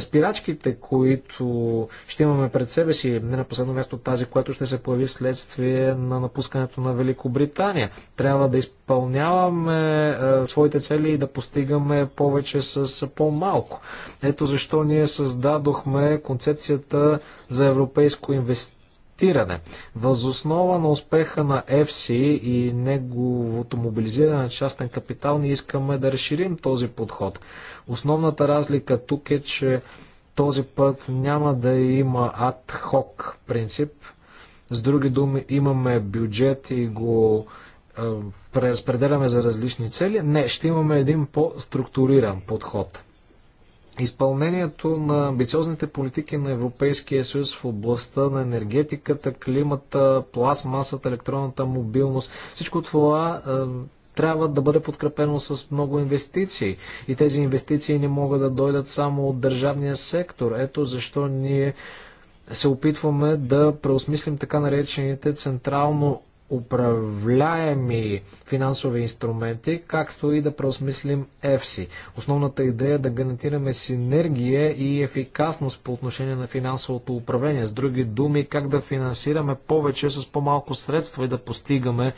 спирачките, които ще имаме пред себе си, не на последно място тази, която ще се появи вследствие на напускането на Великобритания. Трябва да изпълняваме а, е, своите цели и да постигаме повече с по-малко. Ето защо ние създадохме концепцията за европейско инвестиционно инвестиране. Възоснова на успеха на FC и неговото мобилизиране на частен капитал, ние искаме да разширим този подход. Основната разлика тук е, че този път няма да има ад-хок принцип. С други думи, имаме бюджет и го е, преразпределяме за различни цели. Не, ще имаме един по-структуриран подход изпълнението на амбициозните политики на Европейския съюз в областта на енергетиката, климата, пластмасата, електронната мобилност, всичко това е, трябва да бъде подкрепено с много инвестиции. И тези инвестиции не могат да дойдат само от държавния сектор. Ето защо ние се опитваме да преосмислим така наречените централно управляеми финансови инструменти, както и да преосмислим EFSI. Основната идея е да гарантираме синергия и ефикасност по отношение на финансовото управление. С други думи, как да финансираме повече с по-малко средства и да постигаме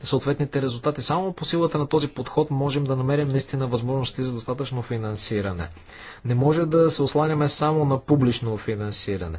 съответните резултати. Само по силата на този подход можем да намерим наистина възможности за достатъчно финансиране. Не може да се осланяме само на публично финансиране.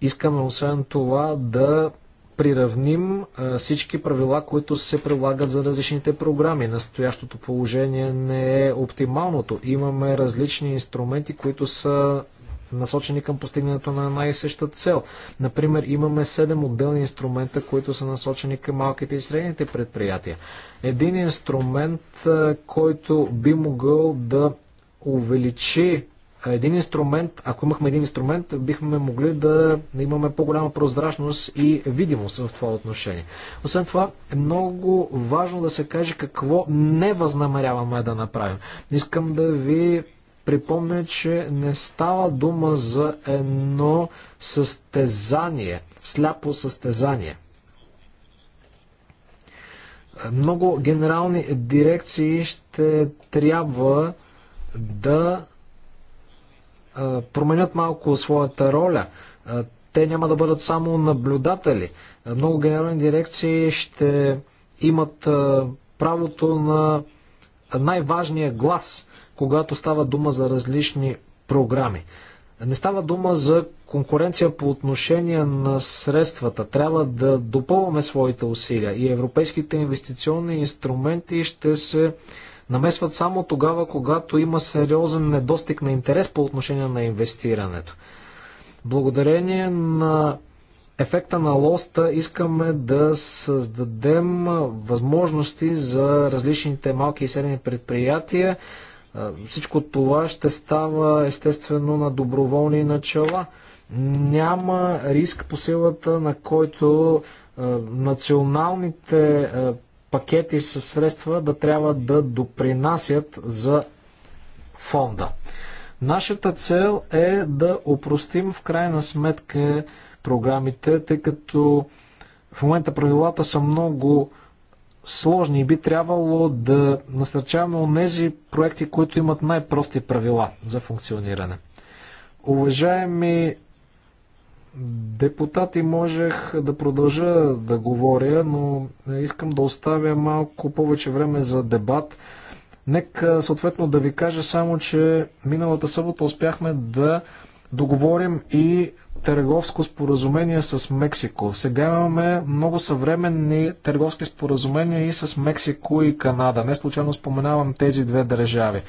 Искаме освен това да приравним всички правила, които се прилагат за различните програми. Настоящото положение не е оптималното. Имаме различни инструменти, които са насочени към постигането на една и съща цел. Например, имаме 7 отделни инструмента, които са насочени към малките и средните предприятия. Един инструмент, който би могъл да увеличи един инструмент, ако имахме един инструмент, бихме могли да имаме по-голяма прозрачност и видимост в това отношение. Освен това, е много важно да се каже какво не възнамеряваме да направим. Искам да ви припомня, че не става дума за едно състезание, сляпо състезание. Много генерални дирекции ще трябва да променят малко своята роля. Те няма да бъдат само наблюдатели. Много генерални дирекции ще имат правото на най-важния глас, когато става дума за различни програми. Не става дума за конкуренция по отношение на средствата. Трябва да допълваме своите усилия и европейските инвестиционни инструменти ще се намесват само тогава, когато има сериозен недостиг на интерес по отношение на инвестирането. Благодарение на ефекта на лоста искаме да създадем възможности за различните малки и средни предприятия. Всичко това ще става естествено на доброволни начала. Няма риск по силата на който националните пакети с средства да трябва да допринасят за фонда. Нашата цел е да опростим в крайна сметка програмите, тъй като в момента правилата са много сложни и би трябвало да насърчаваме онези проекти, които имат най-прости правила за функциониране. Уважаеми депутати можех да продължа да говоря, но искам да оставя малко повече време за дебат. Нека съответно да ви кажа само, че миналата събота успяхме да договорим и търговско споразумение с Мексико. Сега имаме много съвременни търговски споразумения и с Мексико и Канада. Не случайно споменавам тези две държави.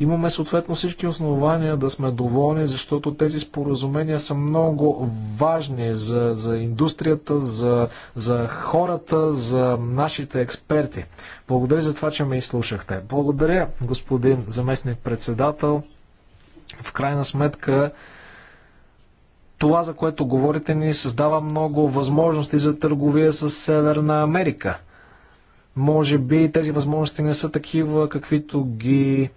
Имаме съответно всички основания да сме доволни, защото тези споразумения са много важни за, за индустрията, за, за хората, за нашите експерти. Благодаря за това, че ме изслушахте. Благодаря, господин заместник председател. В крайна сметка, това, за което говорите, ни създава много възможности за търговия с Северна Америка. Може би тези възможности не са такива, каквито ги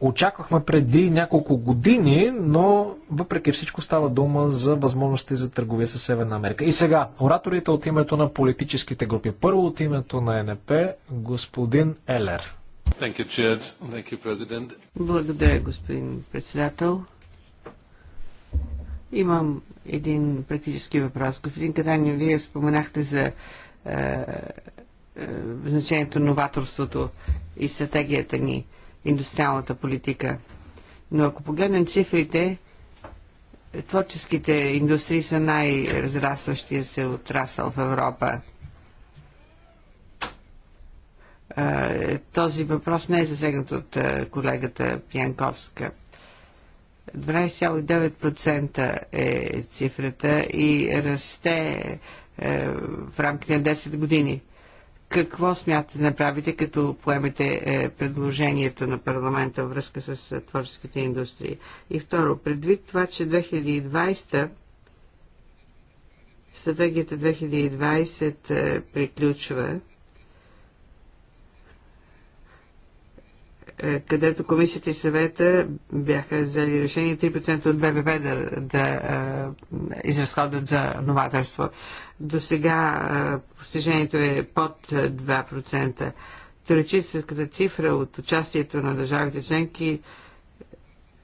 очаквахме преди няколко години, но въпреки всичко става дума за възможности за търговия с Северна Америка. И сега, ораторите от името на политическите групи. Първо от името на НП, господин Елер. You, Благодаря, господин председател. Имам един практически въпрос. Господин Каданин, вие споменахте за е, е, значението новаторството и стратегията ни, индустриалната политика. Но ако погледнем цифрите, творческите индустрии са най-разрастващия се отрасъл в Европа. Е, този въпрос не е засегнат от е, колегата Пянковска. 12,9% е цифрата и расте е, в рамките на 10 години. Какво смятате да направите, като поемете е, предложението на парламента във връзка с е, творческите индустрии? И второ, предвид това, че 2020 стратегията 2020 е, приключва, Е, където комисията и съвета бяха взели решение 3% от ББП да, да е, изразходват за новаторство. До сега е, постижението е под 2%. Теоретическата цифра от участието на държавите членки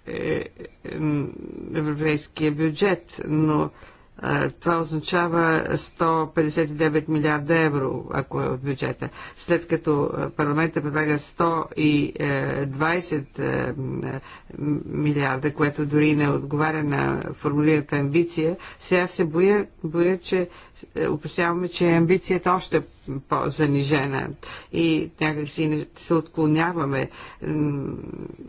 е европейския бюджет, но това означава 159 милиарда евро, ако е от бюджета. След като парламентът предлага 120 милиарда, което дори не отговаря на формулирата амбиция, сега се боя, боя че е, опасяваме, че амбицията е още е по-занижена и някакси се отклоняваме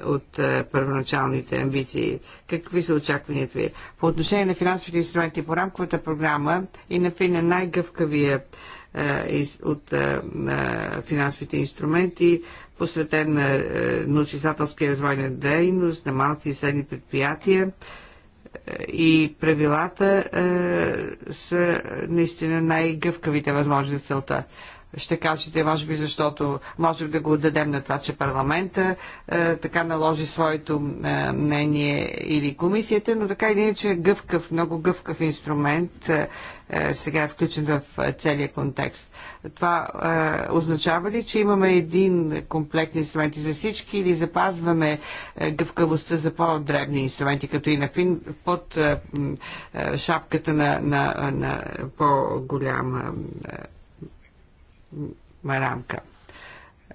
от е, първоначалните амбиции. Какви са очакванията ви? По отношение на финансовите инструменти по рамковата програма и, например, най-гъвкавия от финансовите инструменти, посветен на научно изследователския развой на дейност, на малки и средни предприятия, и правилата е, са наистина най-гъвкавите възможни за целта ще кажете, може би защото можем да го дадем на това, че парламента е, така наложи своето е, мнение или комисията, но така или иначе е гъвкав, много гъвкав инструмент е, е сега е включен в е, целия контекст. Това е, означава ли, че имаме един комплект инструменти за всички или запазваме е, гъвкавостта за по-дребни инструменти, като и на фин, под е, е, шапката на, на, на по-голяма е, рамка.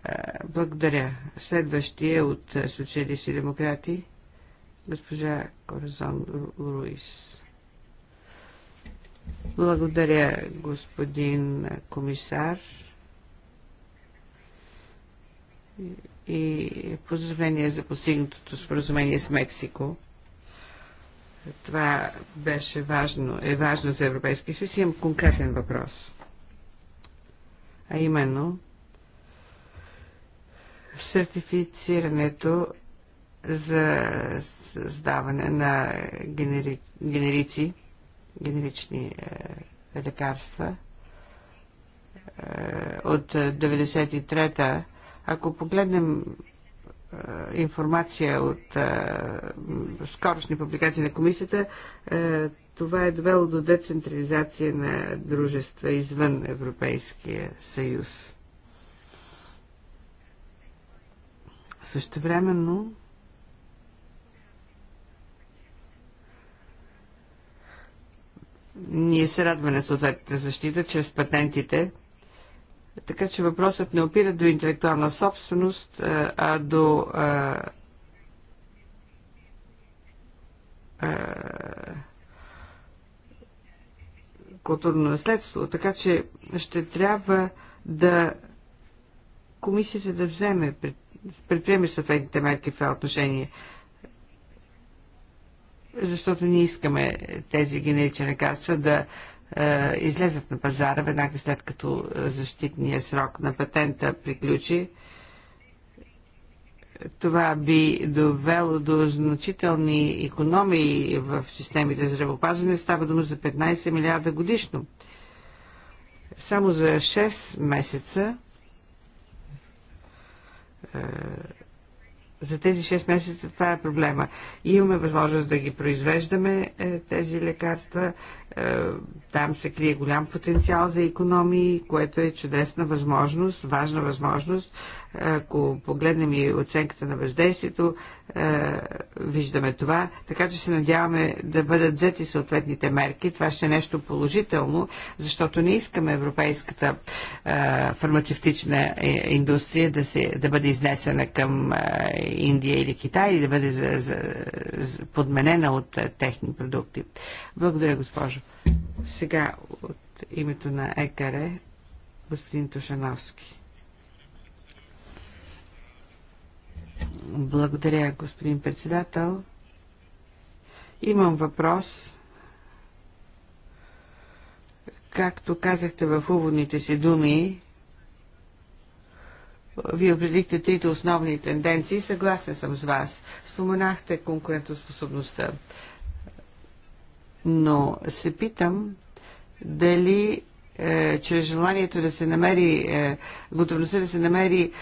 Е, благодаря. Следващия е от социалисти и демократи, госпожа Коразон Луис. Благодаря, господин комисар. И поздравление за постигнатото споразумение с Мексико. Това беше важно, е важно за Европейския съюз. Имам конкретен въпрос а именно сертифицирането за създаване на генери... генерици, генерични е, лекарства. Е, от 93-та, ако погледнем е, информация от е, скорошни публикации на комисията, е, това е довело до децентрализация на дружества извън Европейския съюз. Същевременно ние се радваме на съответната защита чрез патентите, така че въпросът не опира до интелектуална собственост, а до а, а, културно наследство, така че ще трябва да комисията да вземе, предприеме съответните мерки в това отношение, защото ние искаме тези генерични лекарства да е, излезат на пазара веднага след като е, защитния срок на патента приключи това би довело до значителни економии в системите за здравеопазване. Става дума за 15 милиарда годишно. Само за 6 месеца е, за тези 6 месеца това е проблема. И имаме възможност да ги произвеждаме е, тези лекарства, е, там се крие голям потенциал за економии, което е чудесна възможност, важна възможност. Е, ако погледнем и оценката на въздействието, е, виждаме това. Така че се надяваме да бъдат взети съответните мерки. Това ще е нещо положително, защото не искаме европейската фармацевтична индустрия да, се, да бъде изнесена към Индия или Китай или да бъде за, за, подменена от техни продукти. Благодаря, госпожо. Сега от името на ЕКАРЕ, господин Тушановски. Благодаря, господин председател. Имам въпрос. Както казахте в уводните си думи, вие определихте трите основни тенденции. Съгласен съм с вас. Споменахте конкурентоспособността но се питам дали е, чрез желанието да се намери, е, готовността да се намери е,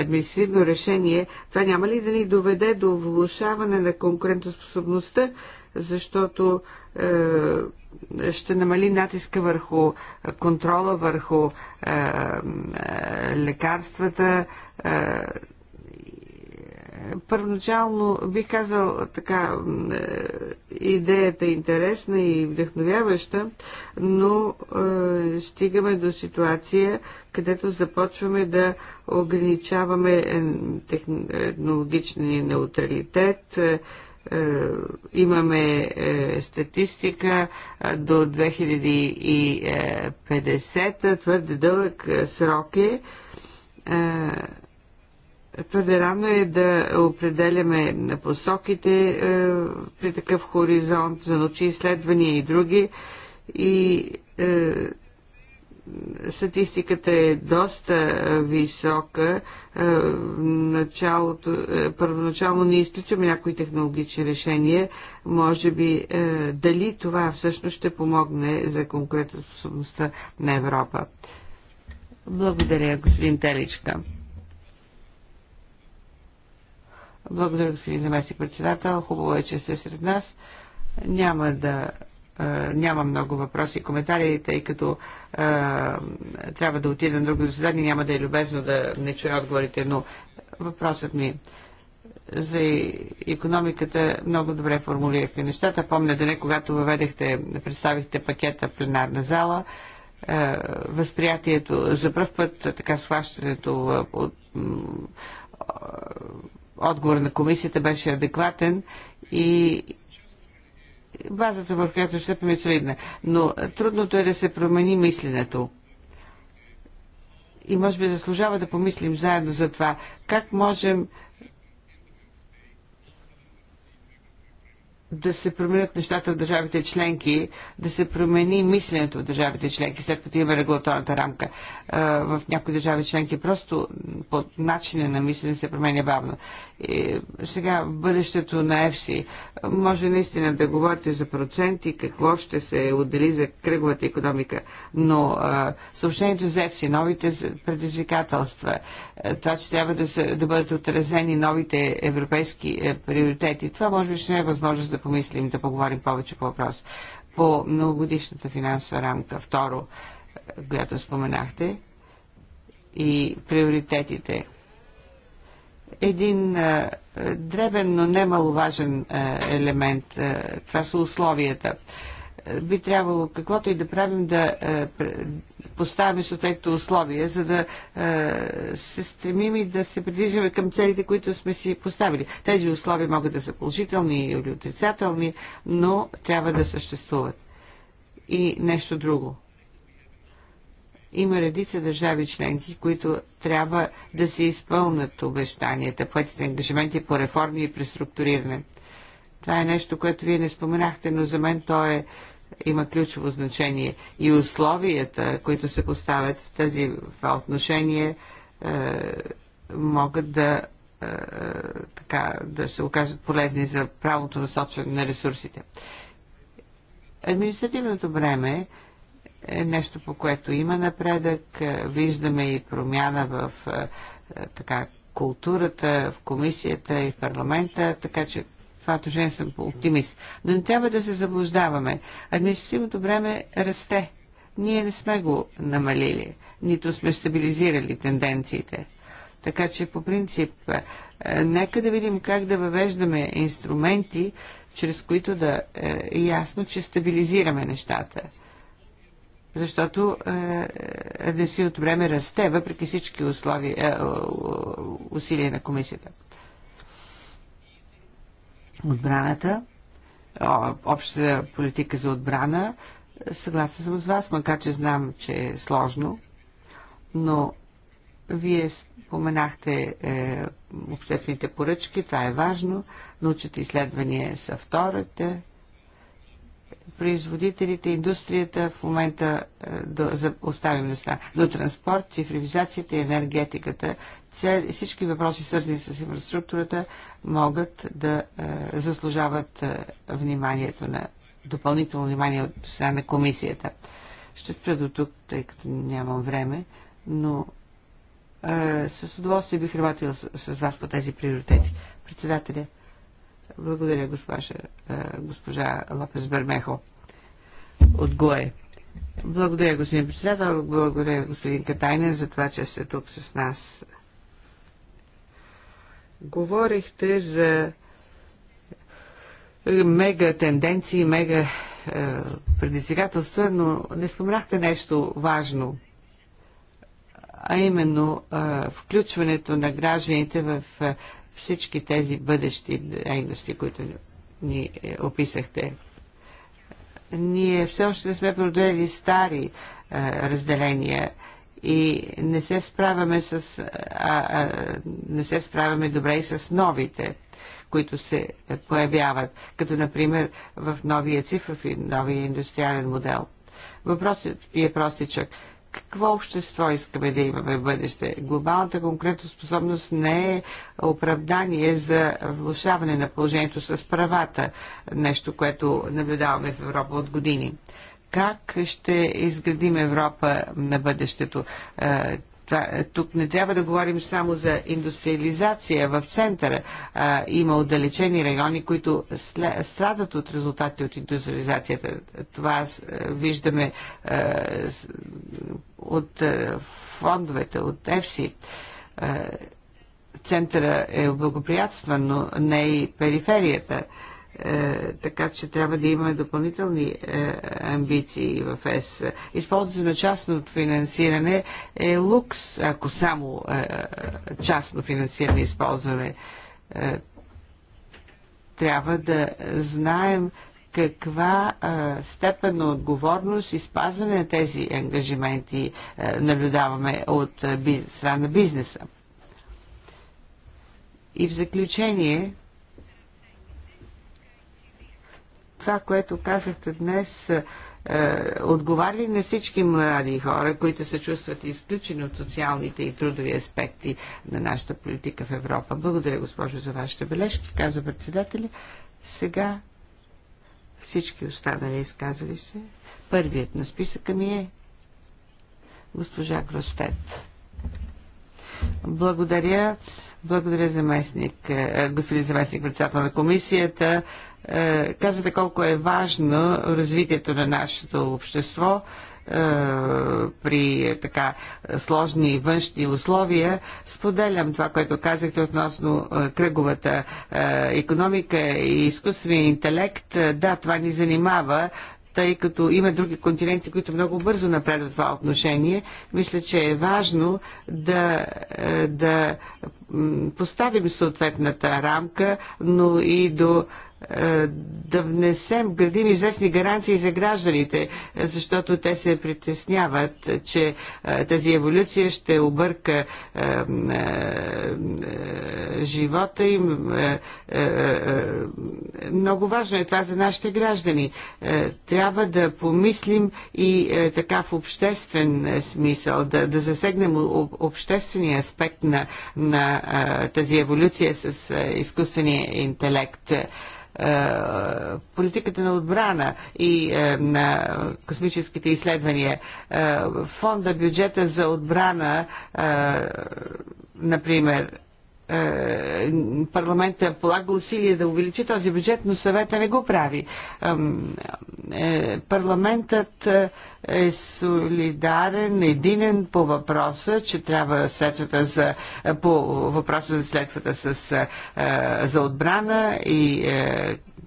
административно решение, това няма ли да ни доведе до влушаване на конкурентоспособността, защото е, ще намали натиска върху контрола, върху е, е, лекарствата, е, първоначално бих казал така, е, идеята е интересна и вдъхновяваща, но е, стигаме до ситуация, където започваме да ограничаваме е, технологичен неутралитет, е, е, имаме е, статистика до 2050, твърде дълъг срок е, е Твърде рано е да определяме посоките е, при такъв хоризонт за научни изследвания и други. И е, статистиката е доста е, висока. Е, началото, е, първоначално не изключваме някои технологични решения. Може би дали това всъщност ще помогне за способността на Европа. Благодаря, господин Теличка. Благодаря, господин заместник председател. Хубаво е, че сте сред нас. Няма да няма много въпроси и коментари, тъй като е, трябва да отида на друго заседание, няма да е любезно да не чуя отговорите, но въпросът ми за економиката много добре формулирахте нещата. Помня не, когато въведехте, представихте пакета пленарна зала, е, възприятието за първ път, така схващането от отговор на комисията беше адекватен и базата, в която ще стъпим е солидна. Но трудното е да се промени мисленето. И може би заслужава да помислим заедно за това, как можем да се променят нещата в държавите членки, да се промени мисленето в държавите членки, след като има регулаторната рамка. В някои държави членки просто по начина на мислене се променя бавно. И сега бъдещето на ЕФСИ. Може наистина да говорите за проценти, какво ще се отдели за кръговата економика, но съобщението за ЕФСИ, новите предизвикателства, това, че трябва да, се, да бъдат отразени новите европейски е, приоритети, това може би ще не е възможност да помислим, да поговорим повече по въпрос. По многогодишната финансова рамка, второ, която споменахте, и приоритетите. Един а, дребен, но немаловажен а, елемент, а, това са условията. Е, би трябвало каквото и да правим да поставяме съответните условия, за да е, се стремим и да се придвижваме към целите, които сме си поставили. Тези условия могат да са положителни или отрицателни, но трябва да съществуват. И нещо друго има редица държави членки, които трябва да се изпълнат обещанията, поетите ангажименти по реформи и преструктуриране. Това е нещо, което вие не споменахте, но за мен то е има ключово значение и условията, които се поставят в тази в отношение, е, могат да, е, така, да се окажат полезни за правото насочване на ресурсите. Административното време е нещо, по което има напредък. Е, виждаме и промяна в така, културата, в комисията и в парламента, така че това отношение съм оптимист. Но не трябва да се заблуждаваме. Административното време расте. Ние не сме го намалили, нито сме стабилизирали тенденциите. Така че по принцип, е, нека да видим как да въвеждаме инструменти, чрез които да е, е ясно, че стабилизираме нещата. Защото е, е административното време расте, въпреки всички условия, е, усилия на комисията отбраната, общата политика за отбрана. Съгласен съм с вас, макар че знам, че е сложно, но вие споменахте е, обществените поръчки, това е важно. научите изследвания са втората. Производителите, индустрията в момента е, до, за, оставим на страна. До транспорт, цифровизацията и енергетиката всички въпроси, свързани с инфраструктурата, могат да е, заслужават е, вниманието на допълнително внимание от страна на комисията. Ще спра до тук, тъй като нямам време, но е, с удоволствие бих работил с, с вас по тези приоритети. Председателя, благодаря госпожа, е, госпожа Лопес Бермехо от ГОЕ. Благодаря, господин председател, благодаря господин Катайнен за това, че сте тук с нас Говорихте за мега тенденции, мега е, предизвикателства, но не споменахте нещо важно, а именно е, включването на гражданите в е, всички тези бъдещи дейности, които ни е, описахте. Ние все още не сме продължили стари е, разделения и не се справяме, с, а, а, не се справяме добре и с новите които се появяват, като например в новия цифров и новия индустриален модел. Въпросът ми е простичък. Какво общество искаме да имаме в бъдеще? Глобалната конкретоспособност не е оправдание за влушаване на положението с правата, нещо, което наблюдаваме в Европа от години. Как ще изградим Европа на бъдещето? Е, това, тук не трябва да говорим само за индустриализация в центъра. А, е, има отдалечени райони, които страдат от резултатите от индустриализацията. Това е, виждаме а, от а, фондовете, от ЕФСИ. центъра е благоприятстван, но не и периферията. А, е, така че трябва да има допълнителни е, амбиции в ЕС. Използването на частното финансиране е лукс, ако само е, частно финансиране използваме. Трябва да знаем каква степен на отговорност и спазване на тези ангажименти наблюдаваме от страна на бизнеса. И в заключение, това, което казахте днес, е, отговаря ли на всички млади хора, които се чувстват изключени от социалните и трудови аспекти на нашата политика в Европа? Благодаря, госпожо, за вашите бележки, казва председателя. Сега всички останали изказали се. Първият на списъка ми е госпожа Гростет. Благодаря. Благодаря заместник, е, господин заместник председател на комисията. Е, казвате колко е важно развитието на нашето общество е, при е, така сложни външни условия. Споделям това, което казахте относно кръговата економика и изкуствения интелект. Да, това ни занимава тъй като има други континенти, които много бързо напредват това отношение, мисля, че е важно да, да поставим съответната рамка, но и до е, да внесем, градим известни гаранции за гражданите, е, защото те се притесняват, че е, тази еволюция ще обърка живота им. Много важно е това за нашите граждани. Трябва да помислим и така в обществен смисъл, да, да засегнем обществения аспект на, на тази еволюция с изкуствения интелект е, политиката на отбрана и е, на космическите изследвания, е, фонда бюджета за отбрана, например, е, парламента полага усилия да увеличи този бюджет, но съвета не го прави. Е, парламентът е, е солидарен, единен по въпроса, че трябва средствата за, по въпроса за следствата с, за отбрана и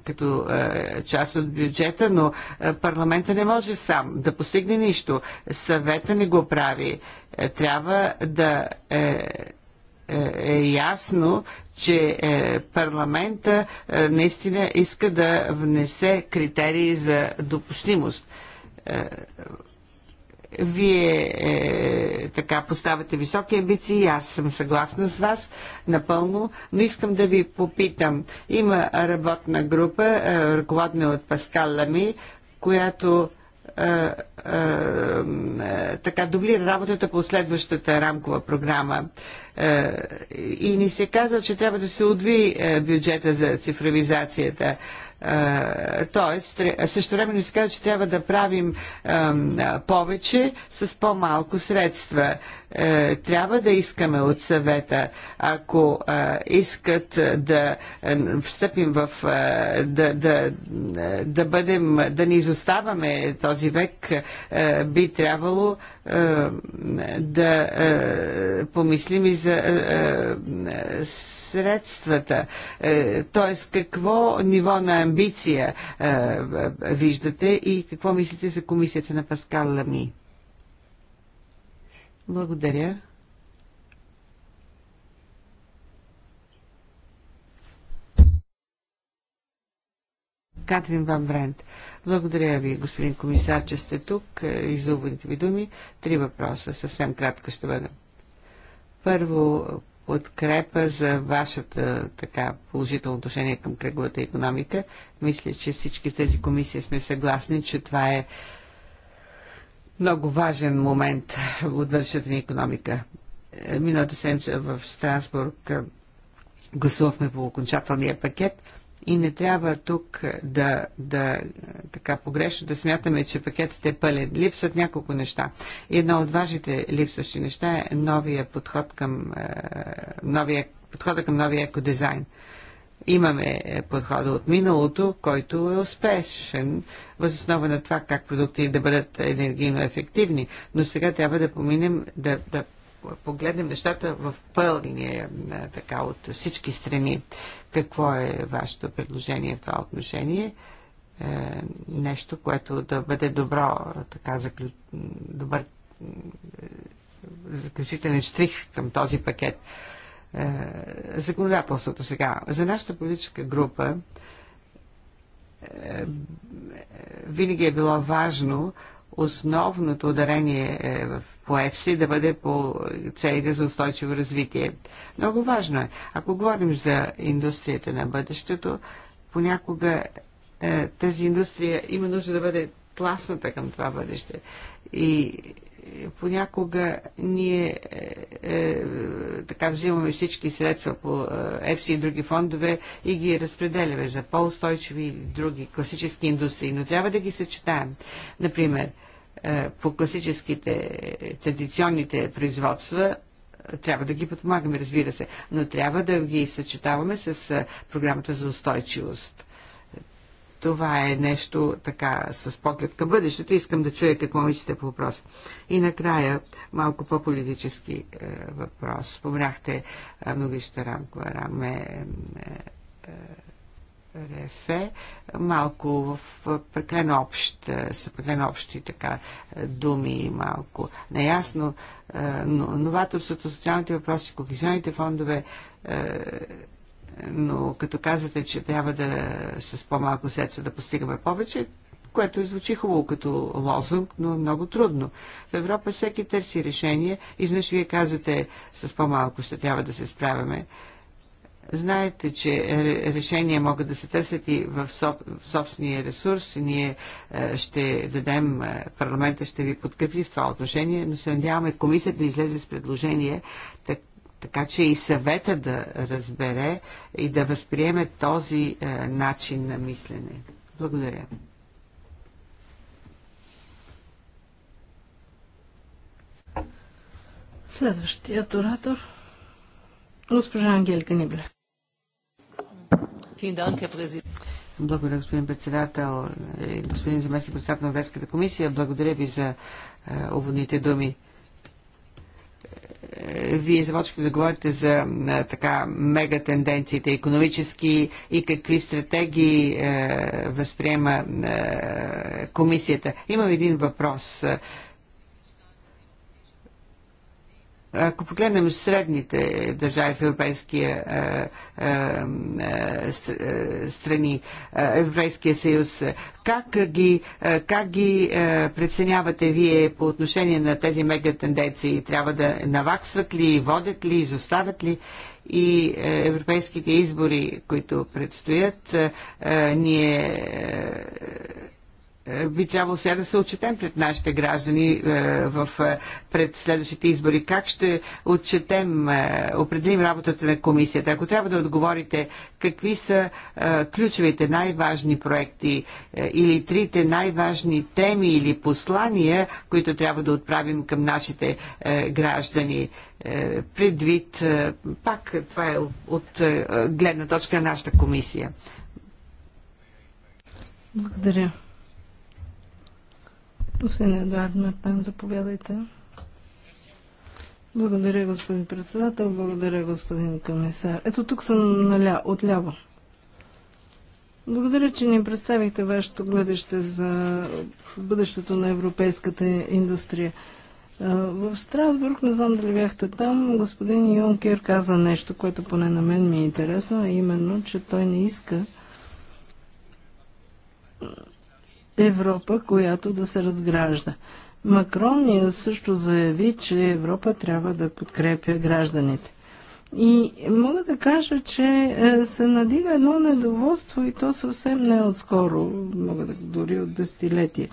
като е, част от бюджета, но е, парламента не може сам да постигне нищо. Съвета не го прави. Е, трябва да е, е, е ясно, че е, парламента е, наистина иска да внесе критерии за допустимост. Вие е, така поставяте високи амбиции, аз съм съгласна с вас напълно, но искам да ви попитам. Има работна група, е, ръководна от Паскал Лами, която така дублира работата по следващата рамкова програма. Е, и ни се каза, че трябва да се отви е, бюджета за цифровизацията. Е, тоест, също време се казва, че трябва да правим повече с по-малко средства. Е, трябва да искаме от съвета, ако е, искат да встъпим в... да, да, да бъдем... да ни изоставаме този век, би трябвало да помислим и за средствата, т.е. какво ниво на амбиция е, виждате и какво мислите за комисията на Паскал Лами? Благодаря. Катрин Ван Брент. Благодаря ви, господин комисар, че сте тук е, и за уводните ви думи. Три въпроса, съвсем кратка ще бъда. Първо, подкрепа за вашата така положително отношение към кръговата економика. Мисля, че всички в тези комисии сме съгласни, че това е много важен момент от вършата ни економика. Е, миналата седмица в Страсбург е, гласувахме по окончателния пакет – и не трябва тук да, да така погрешно да смятаме, че пакетът е пълен. Липсват няколко неща. Едно от важните липсващи неща е новия подход към, е, новия, подхода към новия екодизайн. Имаме е, подхода от миналото, който е успешен, възоснова на това как продукти да бъдат енергийно ефективни, но сега трябва да поминем да, да погледнем нещата в пълния, така от всички страни, какво е вашето предложение в това отношение? Е, нещо, което да бъде добро, така, заклю... добър е, заключителен штрих към този пакет. Е, законодателството сега. За нашата политическа група е, е винаги е било важно основното ударение е, в по ЕФСИ да бъде по целите за устойчиво развитие. Много важно е. Ако говорим за индустрията на бъдещето, понякога е, тази индустрия има нужда да бъде тласната към това бъдеще. И е, понякога ние е, е, така взимаме всички средства по ЕФСИ и други фондове и ги разпределяме за по-устойчиви други класически индустрии, но трябва да ги съчетаем. Например, е, по класическите, е, традиционните производства, е, трябва да ги подпомагаме, разбира се, но трябва да ги съчетаваме с програмата за устойчивост. Това е нещо така с поглед към бъдещето. Искам да чуя какво мислите по въпрос. И накрая, малко по-политически е, въпрос. Спомняхте е, многища рамкова раме. Е, е, Рефе, малко в прекалено общ, е, са прекалено общи така е, думи, малко неясно. Е, но, новаторството, социалните въпроси, кохезионните фондове, но като казвате, че трябва да с по-малко средства да постигаме повече, което звучи хубаво като лозунг, но е много трудно. В Европа всеки търси решение. Изнъж вие казвате, с по-малко ще трябва да се справяме. Знаете, че е, решения могат да се търсят и в, соб, в собствения ресурс. ние е, ще дадем, е, парламента ще ви подкрепи в това отношение, но се надяваме комисията да излезе с предложение, так, така че и съвета да разбере и да възприеме този е, начин на мислене. Благодаря. Следващият оратор. Госпожа Ангелика Нибле. Благодаря, господин председател и е, господин заместник председател на Европейската комисия. Благодаря ви за е, уводните думи. Е, вие започвате да говорите за така мега тенденциите економически и какви стратегии е, възприема е, комисията. Имам един въпрос. Е, Ако погледнем средните държави в Европейския е, е, е, страни, Европейския съюз, как ги, как ги преценявате вие по отношение на тези мегатенденции? Трябва да наваксват ли, водят ли, изоставят ли? и европейските избори, които предстоят, ние е, би трябвало сега да се отчетем пред нашите граждани е, в, е, пред следващите избори. Как ще отчетем, определим работата на комисията? Ако трябва да отговорите, какви са ключовите най-важни проекти или трите най-важни теми или послания, които трябва да отправим към нашите граждани? Предвид, пак това е от гледна точка на нашата комисия. Благодаря. Господин Едуард Мартан, заповядайте. Благодаря, господин председател. Благодаря, господин комисар. Ето тук съм наля, отляво. Благодаря, че ни представихте вашето гледаще за бъдещето на европейската индустрия. В Страсбург, не знам дали бяхте там, господин Юнкер каза нещо, което поне на мен ми е интересно, а именно, че той не иска Европа, която да се разгражда. Макрон е също заяви, че Европа трябва да подкрепя гражданите. И мога да кажа, че е, се надига едно недоволство и то съвсем не отскоро, мога да дори от десетилетие.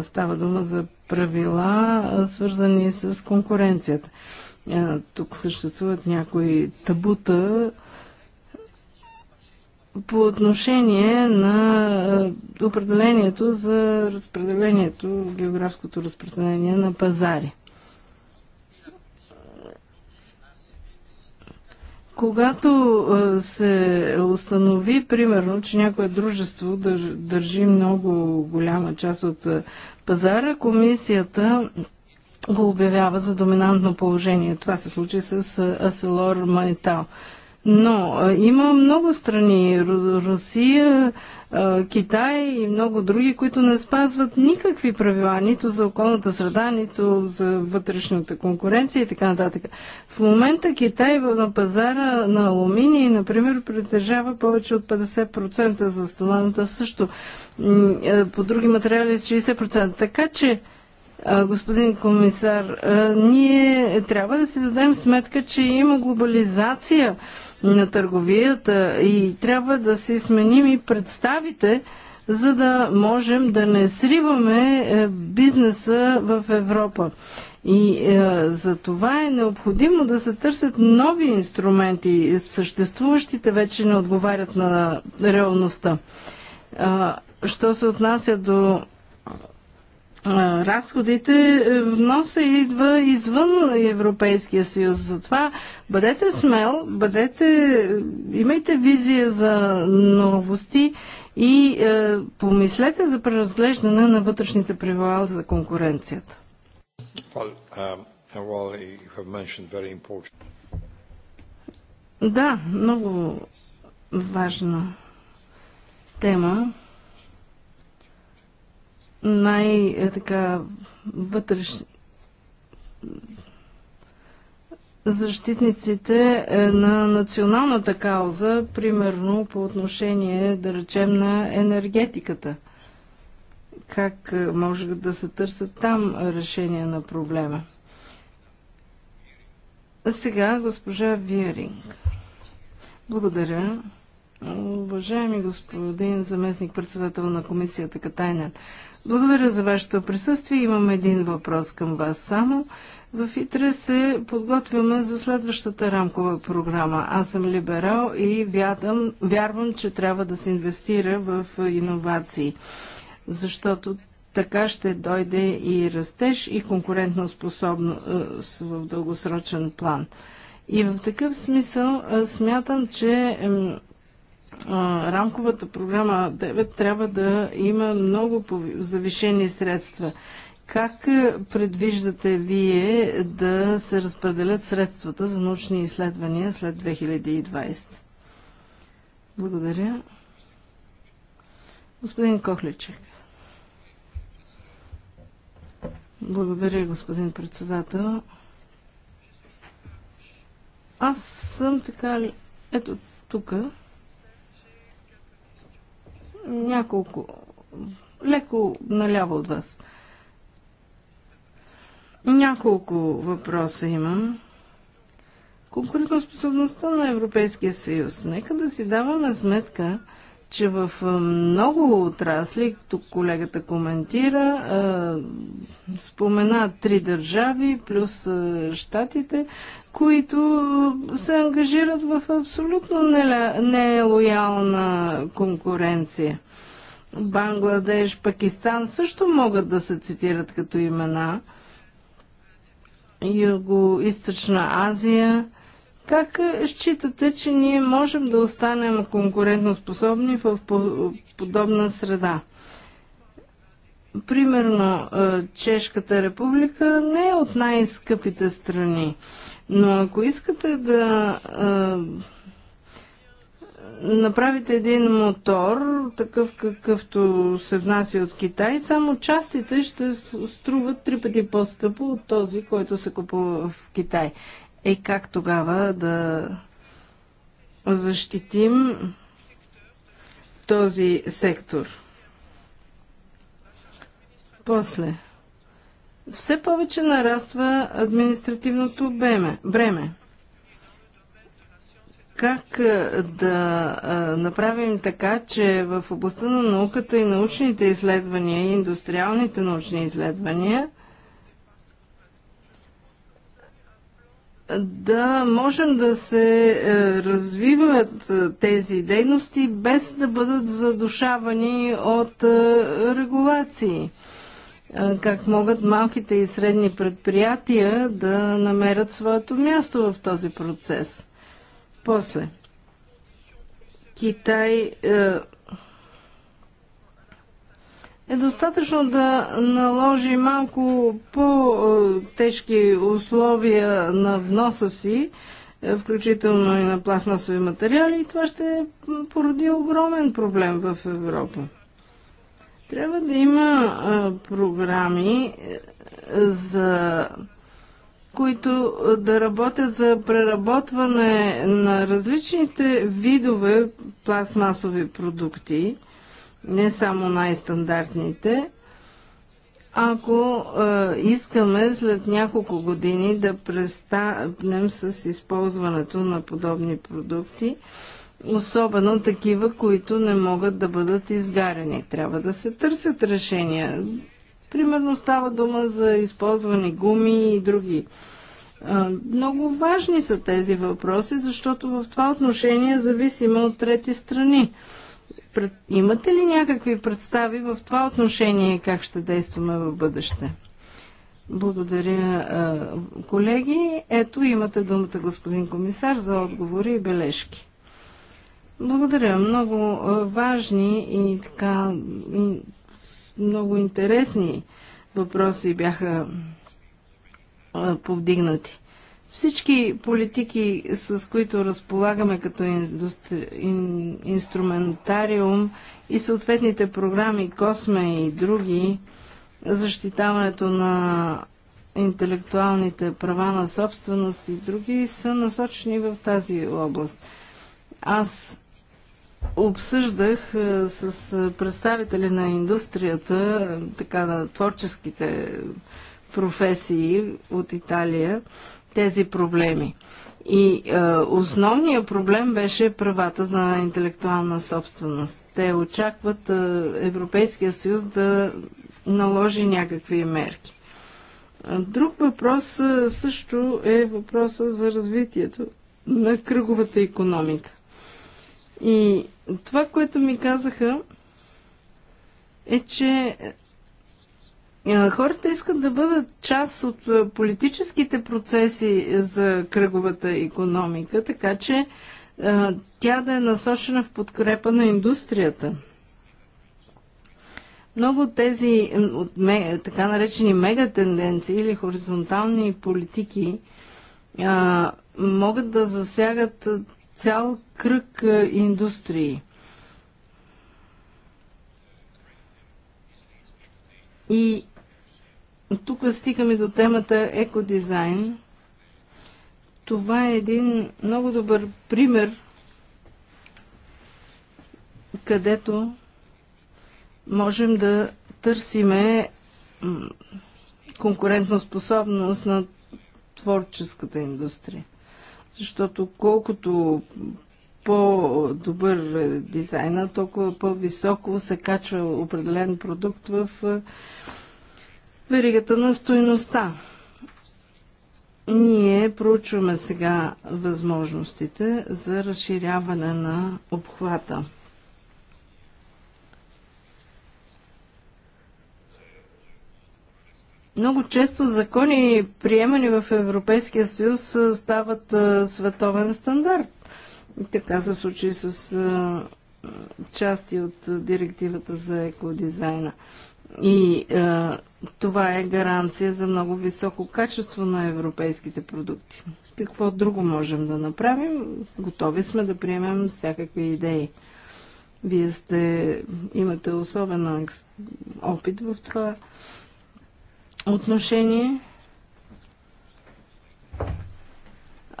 Става дума за правила, свързани с конкуренцията. Тук съществуват някои табута, по отношение на е, определението за разпределението, географското разпределение на пазари. Когато е, се установи, примерно, че някое дружество държи много голяма част от е, пазара, комисията го обявява за доминантно положение. Това се случи с Аселор Майтал. Но има много страни, Русия, Китай и много други, които не спазват никакви правила, нито за околната среда, нито за вътрешната конкуренция и така нататък. В момента Китай на пазара на алуминий, например, притежава повече от 50% за стоманата също. Е, по други материали е с 60%. Така че господин комисар, ние трябва да си дадем сметка, че има глобализация на търговията и трябва да си сменим и представите, за да можем да не сриваме е, бизнеса в Европа. И е, за това е необходимо да се търсят нови инструменти. Съществуващите вече не отговарят на реалността. Е, що се отнася до разходите, е, вноса идва извън Европейския съюз. Затова бъдете смел, бъдете, имайте визия за новости и е, помислете за преразглеждане на вътрешните правила за конкуренцията. Um, да, много важна тема най-така е, вътреш... защитниците е, на националната кауза, примерно по отношение, да речем, на енергетиката. Как е, може да се търсят там решения на проблема? Сега госпожа Виеринг. Благодаря. Уважаеми господин заместник председател на комисията Катайнен, благодаря за вашето присъствие. Имам един въпрос към вас само. В ИТРЕ се подготвяме за следващата рамкова програма. Аз съм либерал и вярвам, вярвам че трябва да се инвестира в иновации, защото така ще дойде и растеж и конкурентно способност е, в дългосрочен план. И в такъв смисъл е, смятам, че рамковата програма 9 трябва да има много завишени средства. Как е, предвиждате вие да се разпределят средствата за научни изследвания след 2020? Благодаря. Господин Кохличек. Благодаря, господин председател. Аз съм така... Ето тук няколко, леко наляво от вас. Няколко въпроса имам. Конкурентоспособността на Европейския съюз. Нека да си даваме сметка, че в много отрасли, тук колегата коментира, спомена три държави плюс щатите, които се ангажират в абсолютно нелоялна конкуренция. Бангладеш, Пакистан също могат да се цитират като имена. юго источна Азия. Как считате, че ние можем да останем конкурентоспособни в подобна среда? Примерно, е, Чешката република не е от най-скъпите страни. Но ако искате да а, направите един мотор, такъв какъвто се внася от Китай, само частите ще струват три пъти по-скъпо от този, който се купува в Китай. Е как тогава да защитим този сектор? После все повече нараства административното бреме. Как е, да е, направим така, че в областта на науката и научните изследвания и индустриалните научни изследвания да можем да се е, развиват тези дейности без да бъдат задушавани от регулации – как могат малките и средни предприятия да намерят своето място в този процес. После, Китай е, е достатъчно да наложи малко по-тежки условия на вноса си, е, включително и на пластмасови материали, и това ще породи огромен проблем в Европа. Трябва да има а, програми е, за които да работят за преработване на различните видове пластмасови продукти, не само най-стандартните, ако е, искаме след няколко години да престанем с използването на подобни продукти особено такива, които не могат да бъдат изгарени. Трябва да се търсят решения. Примерно става дума за използвани гуми и други. Много важни са тези въпроси, защото в това отношение зависиме от трети страни. Имате ли някакви представи в това отношение как ще действаме в бъдеще? Благодаря, колеги. Ето имате думата, господин комисар, за отговори и бележки. Благодаря. Много важни и така и много интересни въпроси бяха повдигнати. Всички политики, с които разполагаме като индустри... инструментариум и съответните програми Косме и други, защитаването на интелектуалните права на собственост и други са насочени в тази област. Аз обсъждах е, с е, представители на индустрията, така на творческите професии от Италия, тези проблеми. И е, основният проблем беше правата на интелектуална собственост. Те очакват е, Европейския съюз да наложи някакви мерки. Друг въпрос е, също е въпроса за развитието на кръговата економика. И това, което ми казаха, е, че хората искат да бъдат част от политическите процеси за кръговата економика, така че тя да е насочена в подкрепа на индустрията. Много от тези от, така наречени мегатенденции или хоризонтални политики а, могат да засягат цял кръг е, индустрии. И тук стигаме до темата екодизайн. Това е един много добър пример, където можем да търсиме конкурентоспособност на творческата индустрия защото колкото по-добър е дизайна, толкова по-високо се качва определен продукт в е, веригата на стойността. Ние проучваме сега възможностите за разширяване на обхвата. Много често закони, приемани в Европейския съюз, стават световен стандарт. И така се случи с части от директивата за екодизайна. И а, това е гаранция за много високо качество на европейските продукти. Какво друго можем да направим? Готови сме да приемем всякакви идеи. Вие сте, имате особен опит в това отношение.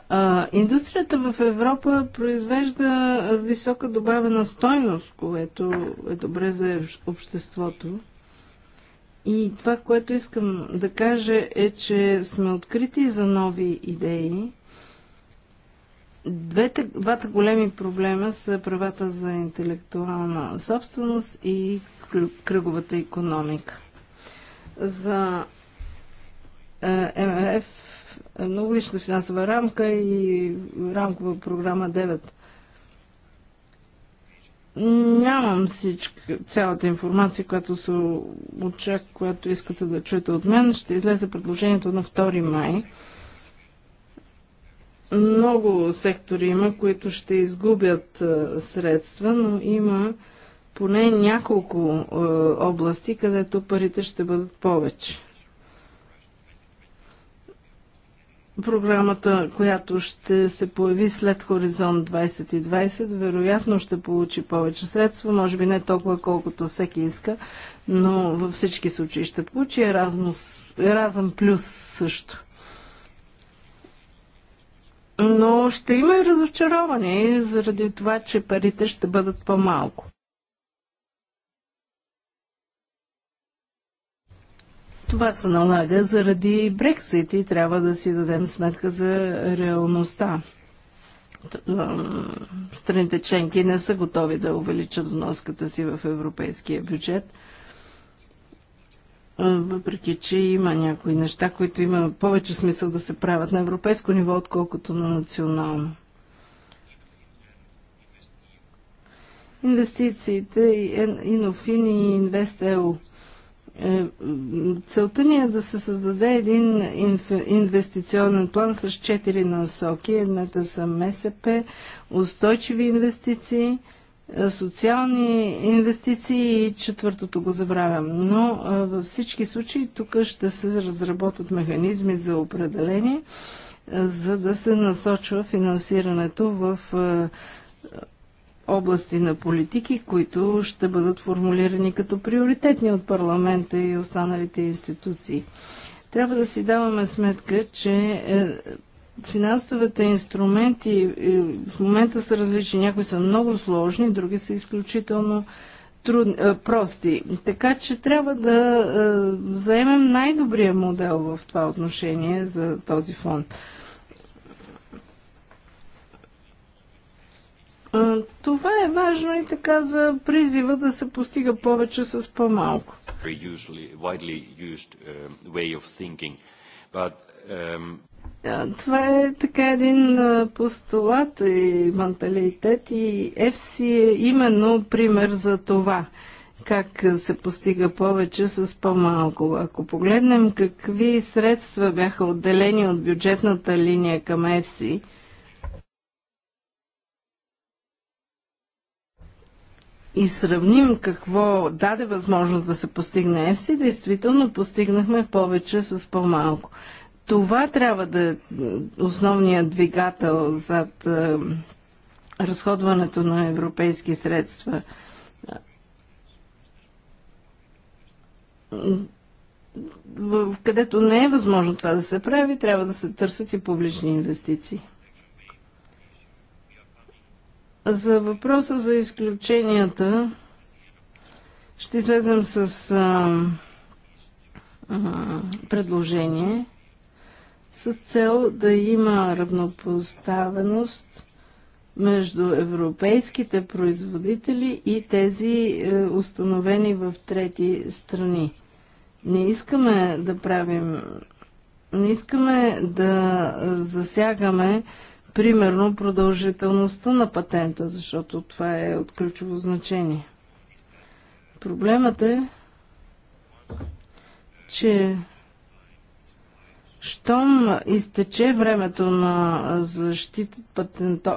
А, индустрията в Европа произвежда висока добавена стойност, което е добре за обществото. И това, което искам да кажа е, че сме открити за нови идеи. Двете, двата големи проблема са правата за интелектуална собственост и кръговата економика. За е, МФ, е, многолична финансова рамка и рамкова програма 9. Нямам всичка, цялата информация, която се очаква, която искате да чуете от мен. Ще излезе предложението на 2 май. Много сектори има, които ще изгубят е, средства, но има поне няколко области, където парите ще бъдат повече. програмата, която ще се появи след Хоризонт 2020, вероятно ще получи повече средства, може би не толкова колкото всеки иска, но във всички случаи ще получи Еразмус, разъм плюс също. Но ще има и разочарование заради това, че парите ще бъдат по-малко. Това се налага заради Брексит и трябва да си дадем сметка за реалността. Страните членки не са готови да увеличат вноската си в европейския бюджет въпреки че има някои неща, които има повече смисъл да се правят на европейско ниво, отколкото на национално. Инвестициите, Инофин и Инвестел. Е, целта ни е да се създаде един инвестиционен план с четири насоки. Едната са МСП, устойчиви инвестиции, е, социални инвестиции и четвъртото го забравям. Но е, във всички случаи тук ще се разработят механизми за определение, за да се насочва финансирането в области на политики, които ще бъдат формулирани като приоритетни от парламента и останалите институции. Трябва да си даваме сметка, че е, финансовите инструменти е, в момента са различни. Някои са много сложни, други са изключително труд, е, прости. Така че трябва да заемем най-добрия модел в това отношение за този фонд. Това е важно и така за призива да се постига повече с по-малко. Uh, um, това е така един постулат и менталитет и FC е именно пример за това как се постига повече с по-малко. Ако погледнем какви средства бяха отделени от бюджетната линия към Ефси. и сравним какво даде възможност да се постигне ЕФСИ, действително постигнахме повече с по-малко. Това трябва да е основният двигател зад е, разходването на европейски средства. Където не е възможно това да се прави, трябва да се търсят и публични инвестиции. За въпроса за изключенията ще излезем с а, а, предложение с цел да има равнопоставеност между европейските производители и тези е, установени в трети страни. Не искаме да правим, не искаме да засягаме примерно продължителността на патента, защото това е от ключово значение. Проблемът е, че щом изтече времето на защита, патент,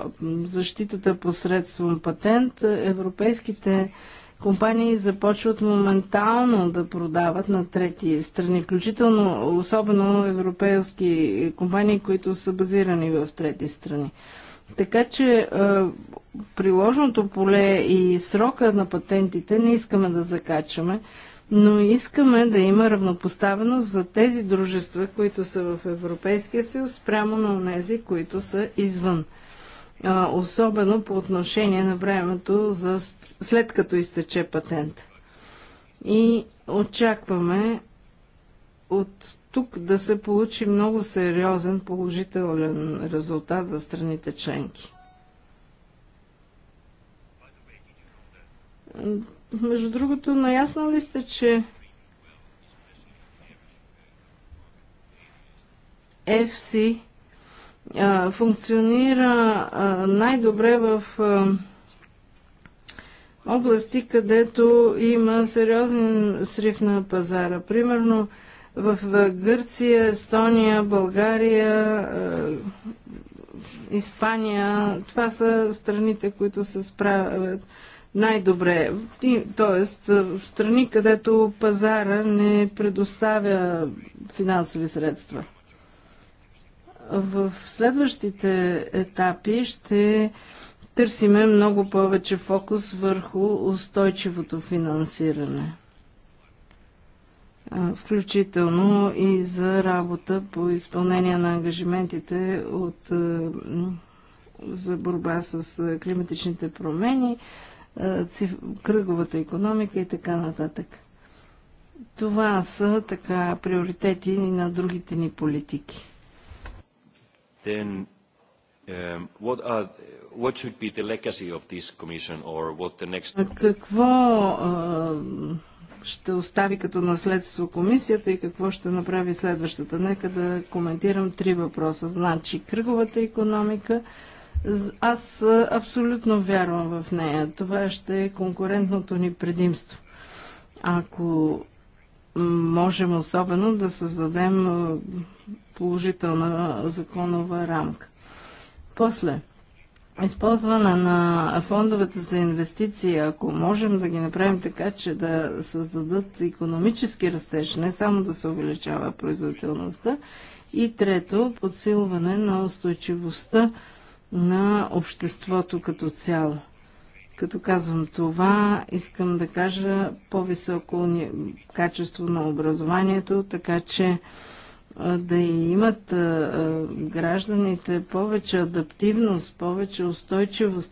защитата посредством патент, европейските компании започват моментално да продават на трети страни, включително особено европейски компании, които са базирани в трети страни. Така че е, приложното поле и срока на патентите не искаме да закачаме, но искаме да има равнопоставеност за тези дружества, които са в Европейския съюз, прямо на тези, които са извън особено по отношение на времето за след като изтече патент. И очакваме от тук да се получи много сериозен положителен резултат за страните членки. Между другото, наясно ли сте, че FC функционира най-добре в области, където има сериозен срив на пазара. Примерно в Гърция, Естония, България, Испания. Това са страните, които се справят най-добре. Тоест, страни, където пазара не предоставя финансови средства. В следващите етапи ще търсиме много повече фокус върху устойчивото финансиране. Включително и за работа по изпълнение на ангажиментите от, за борба с климатичните промени, циф... кръговата економика и така нататък. Това са така приоритети на другите ни политики. Then um, what are what should be the legacy of this commission or what the next... Какво um, ще остави като наследство комисията и какво ще направи следващата? Нека да коментирам три въпроса. Значи кръговата економика, аз абсолютно вярвам в нея. Това ще е конкурентното ни предимство. Ако можем особено да създадем положителна законова рамка. После, използване на фондовете за инвестиции, ако можем да ги направим така, че да създадат економически растеж, не само да се увеличава производителността. И трето, подсилване на устойчивостта на обществото като цяло. Като казвам това, искам да кажа по-високо качество на образованието, така че да имат гражданите повече адаптивност, повече устойчивост.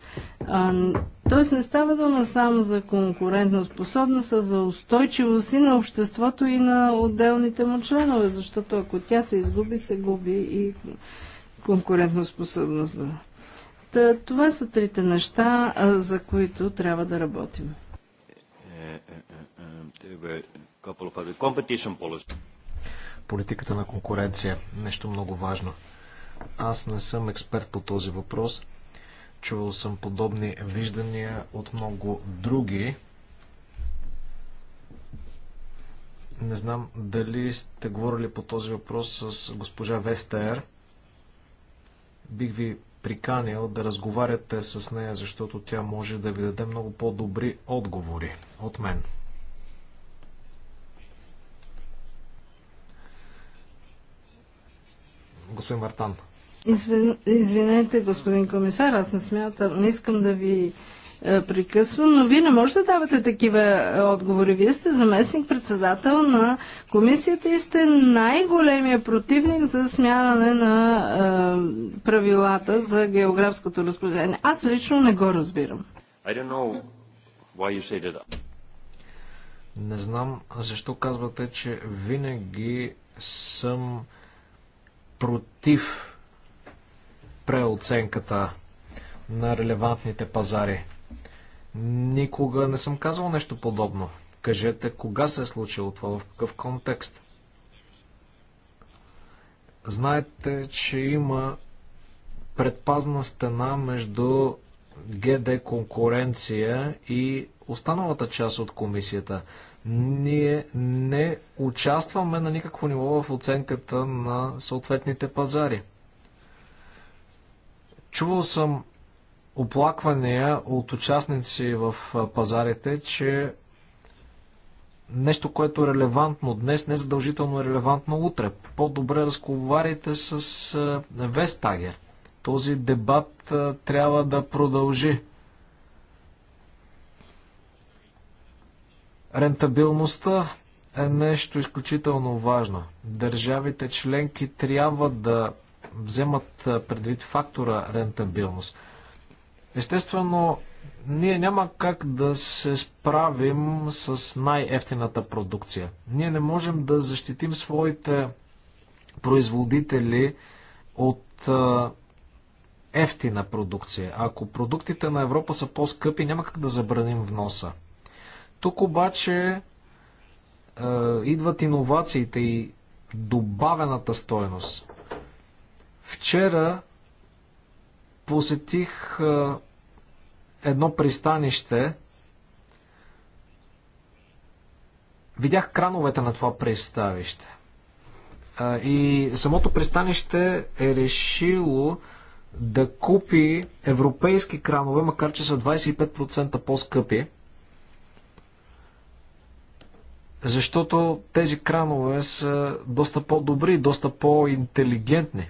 Тоест не става дума само за конкурентна способност, а за устойчивост и на обществото, и на отделните му членове, защото ако тя се изгуби, се губи и конкурентна способност. Та, е, това са трите неща, за които трябва да работим. Политиката на конкуренция е нещо много важно. Аз не съм експерт по този въпрос. Чувал съм подобни виждания от много други. Не знам дали сте говорили по този въпрос с госпожа Вестер. Бих ви приканил да разговаряте с нея, защото тя може да ви даде много по-добри отговори от мен. Господин Мартан. извинете, господин комисар, аз не смятам, не искам да ви е, прекъсвам, но вие не можете да давате такива е, отговори. Вие сте заместник-председател на комисията и сте най-големия противник за смяране на е, правилата за географското разпределение. Аз лично не го разбирам. Не знам защо казвате, че винаги съм против преоценката на релевантните пазари. Никога не съм казвал нещо подобно. Кажете, кога се е случило това, в какъв контекст? Знаете, че има предпазна стена между ГД конкуренция и останалата част от комисията. Ние не участваме на никакво ниво в оценката на съответните пазари. Чувал съм оплаквания от участници в пазарите, че нещо, което е релевантно днес, не е задължително е релевантно утре. По-добре разговаряйте с Вестагер. Този дебат трябва да продължи. Рентабилността е нещо изключително важно. Държавите членки трябва да вземат предвид фактора рентабилност. Естествено, ние няма как да се справим с най-ефтината продукция. Ние не можем да защитим своите производители от ефтина продукция. Ако продуктите на Европа са по-скъпи, няма как да забраним вноса. Тук обаче е, идват иновациите и добавената стоеност. Вчера посетих е, едно пристанище. Видях крановете на това пристанище. И самото пристанище е решило да купи европейски кранове, макар че са 25% по-скъпи. Защото тези кранове са доста по-добри, доста по-интелигентни.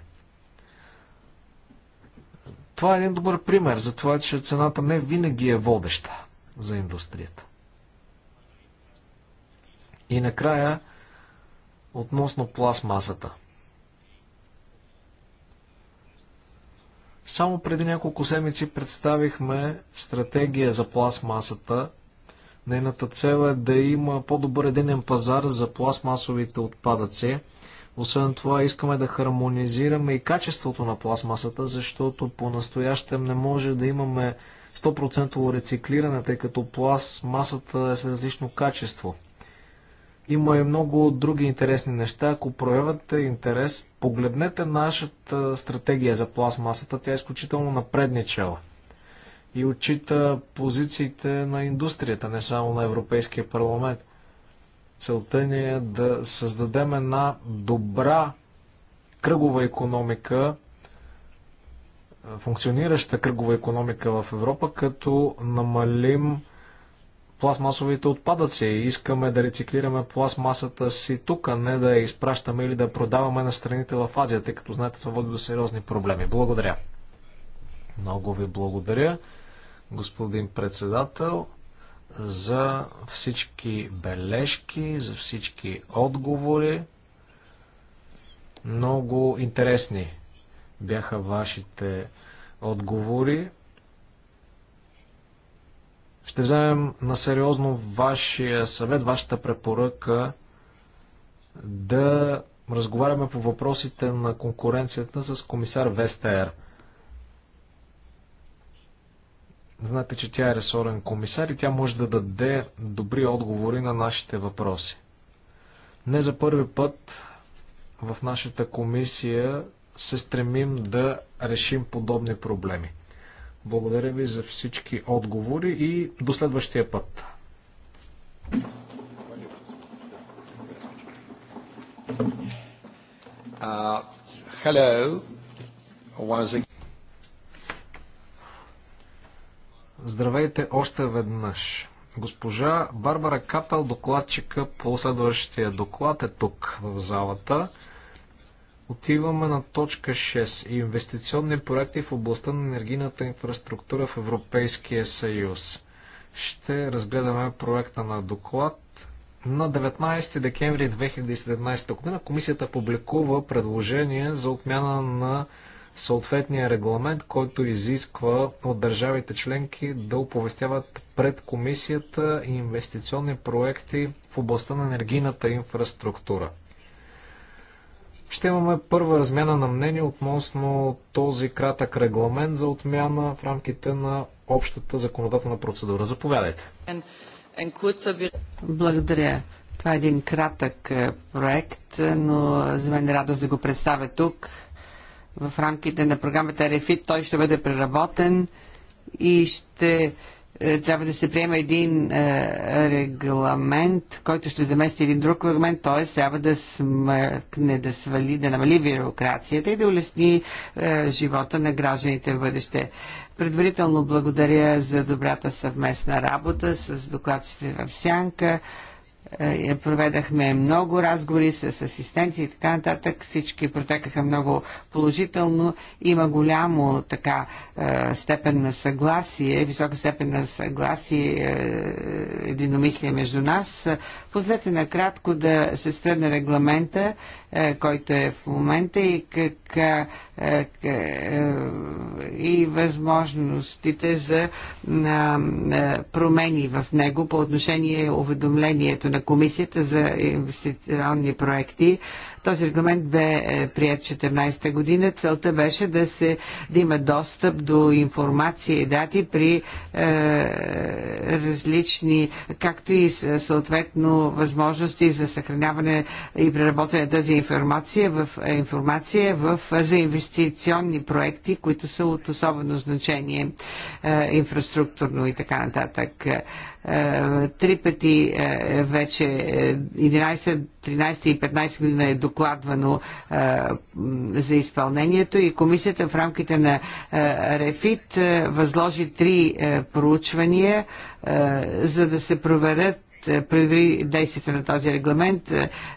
Това е един добър пример за това, че цената не винаги е водеща за индустрията. И накрая, относно пластмасата. Само преди няколко седмици представихме стратегия за пластмасата. Нейната цел е да има по-добър единен пазар за пластмасовите отпадъци – освен това, искаме да хармонизираме и качеството на пластмасата, защото по-настоящем не може да имаме 100% рециклиране, тъй като пластмасата е с различно качество. Има и много други интересни неща. Ако проявяте интерес, погледнете нашата стратегия за пластмасата. Тя е изключително напредничала и отчита позициите на индустрията, не само на Европейския парламент – Целта ни е да създадем една добра кръгова економика, функционираща кръгова економика в Европа, като намалим пластмасовите отпадъци. Искаме да рециклираме пластмасата си тук, а не да я изпращаме или да продаваме на страните в Азия, тъй като знаете, това води до сериозни проблеми. Благодаря. Много ви благодаря, господин председател за всички бележки, за всички отговори. Много интересни бяха вашите отговори. Ще вземем на сериозно вашия съвет, вашата препоръка да разговаряме по въпросите на конкуренцията с комисар Вестер. Знаете, че тя е ресорен комисар и тя може да даде добри отговори на нашите въпроси. Не за първи път в нашата комисия се стремим да решим подобни проблеми. Благодаря ви за всички отговори и до следващия път. Uh, hello. Здравейте още веднъж. Госпожа Барбара Капел, докладчика по следващия доклад е тук в залата. Отиваме на точка 6. Инвестиционни проекти в областта на енергийната инфраструктура в Европейския съюз. Ще разгледаме проекта на доклад. На 19 декември 2017 година комисията публикува предложение за отмяна на съответния регламент, който изисква от държавите членки да оповестяват пред комисията инвестиционни проекти в областта на енергийната инфраструктура. Ще имаме първа размяна на мнение относно този кратък регламент за отмяна в рамките на общата законодателна процедура. Заповядайте. Благодаря. Това е един кратък е, проект, но е, за мен е радост да го представя тук в рамките на програмата Рефит. Той ще бъде преработен и ще е, трябва да се приема един е, регламент, който ще замести един друг регламент, т.е. трябва да смъкне, да свали, да намали бюрокрацията и да улесни е, живота на гражданите в бъдеще. Предварително благодаря за добрата съвместна работа с докладчите в Сянка. Е, проведахме много разговори с асистенти и така нататък. Всички протекаха много положително. Има голямо така е, степен на съгласие, висока степен на съгласие, е, единомислие между нас. Позволете накратко да се спра на регламента, е, който е в момента и, как, и възможностите за промени в него по отношение уведомлението на комисията за инвестиционни проекти. Този регламент бе е, прият 14-та година. Целта беше да, се, да има достъп до информация и дати при е, различни, както и съответно възможности за съхраняване и преработване на тази информация в, е, информация в, е, за инвестиционни проекти, които са от особено значение е, инфраструктурно и така нататък. Е, три пъти е, вече 11, е, 13 и 15 година е докладвано за изпълнението и комисията в рамките на Рефит възложи три проучвания, за да се проверят е, преди действието на този регламент.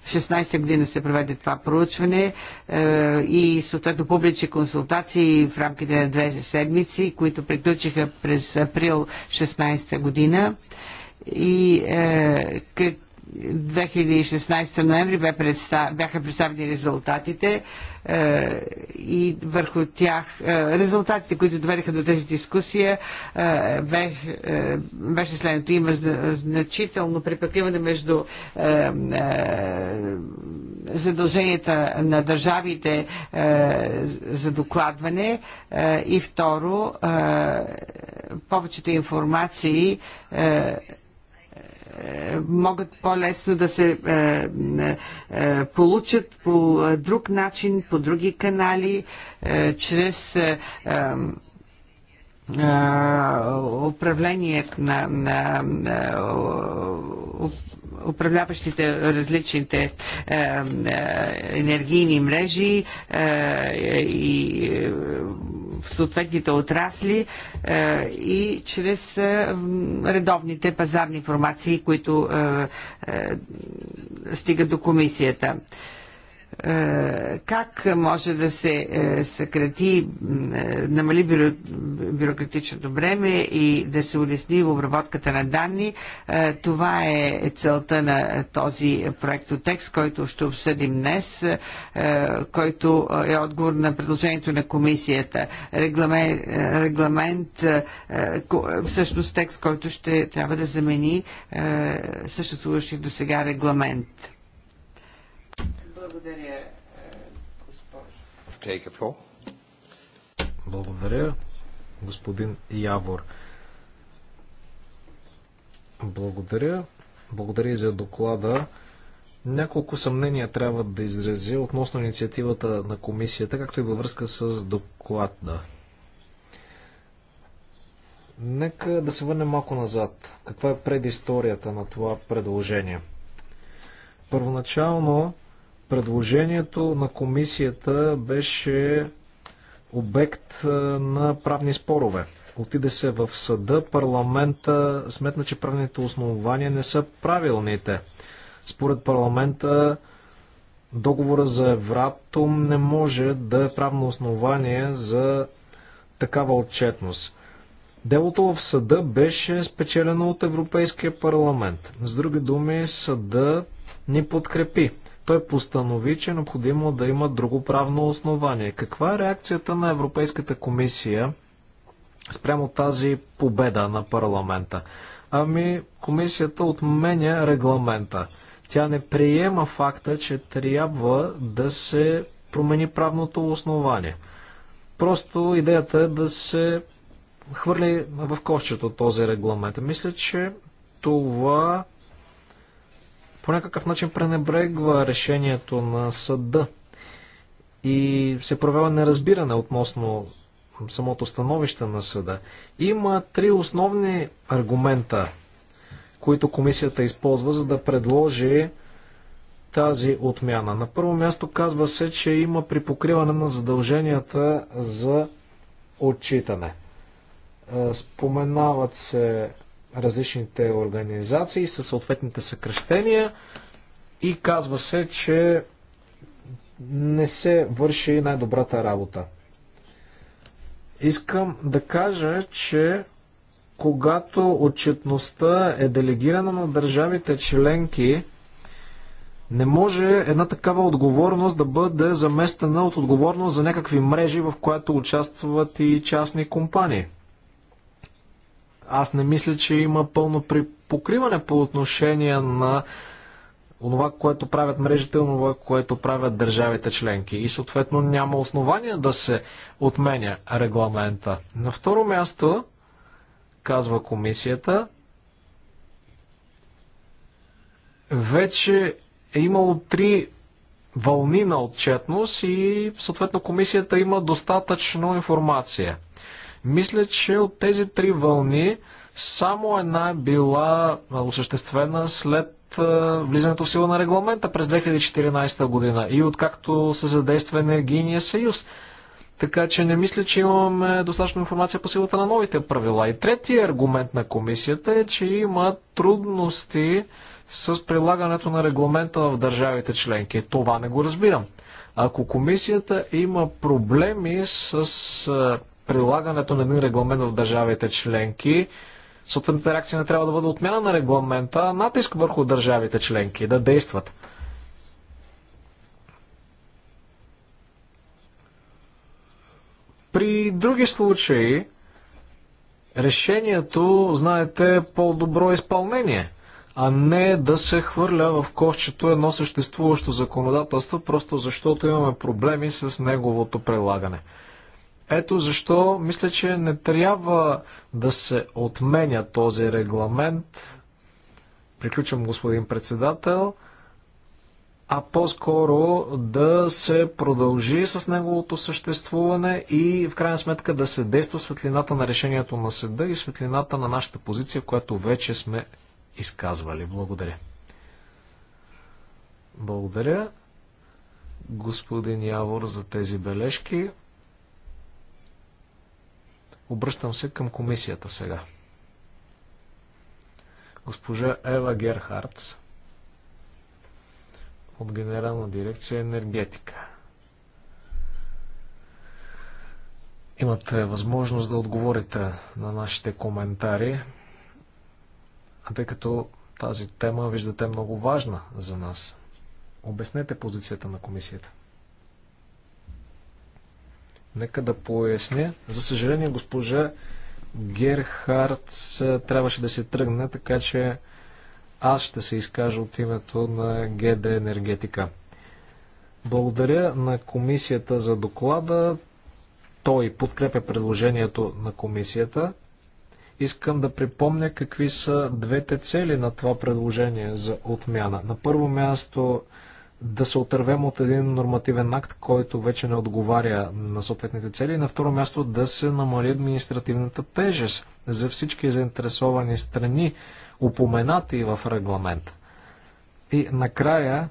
В 16 година се проведе това проучване е, и съответно публични консултации в рамките на две седмици, които приключиха през април 16 година. И е, как 2016 ноември бе представ... бяха представени резултатите е, и върху тях е, резултатите, които доведеха до тази дискусия, е, бе, е, беше следното. Има значително припъкливане между е, е, задълженията на държавите е, за докладване е, и второ, е, повечето информации е, могат по-лесно да се е, е, е, получат по друг начин, по други канали, чрез управлението на, на, на управляващите различните е, е, енергийни мрежи е, и в е, съответните отрасли е, и чрез е, редовните пазарни информации, които е, е, стигат до комисията. Е, е, как може да се е, съкрати, е, намали бюро, бюрократичното бреме и да се улесни в обработката на данни. Това е целта на този текст, който ще обсъдим днес, който е отговор на предложението на комисията. Регламент, регламент всъщност текст, който ще трябва да замени съществуващия до сега регламент. Благодаря, е, госпожо. Take a floor. Благодаря, господин Явор. Благодаря. Благодаря и за доклада. Няколко съмнения трябва да изразя относно инициативата на комисията, както и във връзка с доклада. Нека да се върнем малко назад. Каква е предисторията на това предложение? Първоначално Предложението на комисията беше обект на правни спорове. Отиде се в съда, парламента сметна, че правните основания не са правилните. Според парламента договора за евратум не може да е правно основание за такава отчетност. Делото в съда беше спечелено от Европейския парламент. С други думи, съда ни подкрепи той постанови, че е необходимо да има друго правно основание. Каква е реакцията на Европейската комисия спрямо тази победа на парламента? Ами, комисията отменя регламента. Тя не приема факта, че трябва да се промени правното основание. Просто идеята е да се хвърли в кошчето този регламент. Мисля, че това по някакъв начин пренебрегва решението на съда и се провела неразбиране относно самото становище на съда. Има три основни аргумента, които комисията използва, за да предложи тази отмяна. На първо място казва се, че има припокриване на задълженията за отчитане. Е, споменават се различните организации със съответните съкръщения и казва се, че не се върши най-добрата работа. Искам да кажа, че когато отчетността е делегирана на държавите членки, не може една такава отговорност да бъде заместена от отговорност за някакви мрежи, в която участват и частни компании. Аз не мисля, че има пълно покриване по отношение на онова, което правят мрежите, онова, което правят държавите членки. И съответно няма основания да се отменя регламента. На второ място, казва комисията, вече е имало три вълни на отчетност и съответно комисията има достатъчно информация – мисля, че от тези три вълни само една е била осъществена след влизането в сила на регламента през 2014 година и откакто се задейства енергийния съюз. Така че не мисля, че имаме достатъчно информация по силата на новите правила. И третия аргумент на комисията е, че има трудности с прилагането на регламента в държавите членки. Това не го разбирам. Ако комисията има проблеми с прилагането на един регламент в държавите членки, съответната реакция не трябва да бъде отмяна на регламента, а натиск върху държавите членки да действат. При други случаи, решението, знаете, е по-добро изпълнение, а не да се хвърля в кошчето едно съществуващо законодателство, просто защото имаме проблеми с неговото прилагане. Ето защо мисля, че не трябва да се отменя този регламент. Приключвам, господин председател. А по-скоро да се продължи с неговото съществуване и в крайна сметка да се действа светлината на решението на съда и светлината на нашата позиция, която вече сме изказвали. Благодаря. Благодаря, господин Явор, за тези бележки. Обръщам се към комисията сега. Госпожа Ева Герхардс от Генерална дирекция енергетика. Имате възможност да отговорите на нашите коментари, а тъй като тази тема виждате много важна за нас. Обяснете позицията на комисията. Нека да поясня. За съжаление, госпожа Герхард трябваше да се тръгне, така че аз ще се изкажа от името на ГД Енергетика. Благодаря на комисията за доклада. Той подкрепя предложението на комисията. Искам да припомня какви са двете цели на това предложение за отмяна. На първо място да се отървем от един нормативен акт, който вече не отговаря на съответните цели. И на второ място да се намали административната тежест за всички заинтересовани страни, упоменати в регламента. И накрая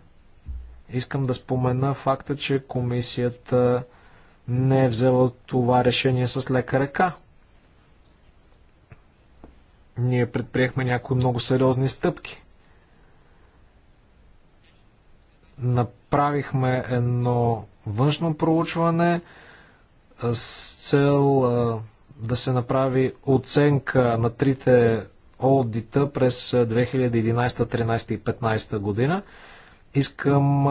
искам да спомена факта, че комисията не е взела това решение с лека ръка. Ние предприехме някои много сериозни стъпки – направихме едно външно проучване с цел да се направи оценка на трите аудита през 2011, 2013 и 2015 година. Искам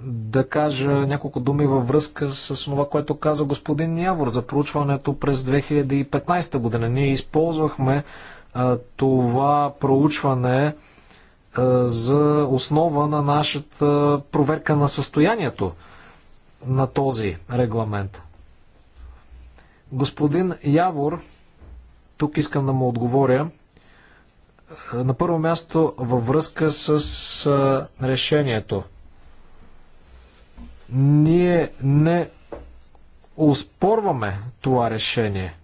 да кажа няколко думи във връзка с това, което каза господин Явор за проучването през 2015 година. Ние използвахме това проучване за основа на нашата проверка на състоянието на този регламент. Господин Явор, тук искам да му отговоря. На първо място във връзка с решението. Ние не оспорваме това решение –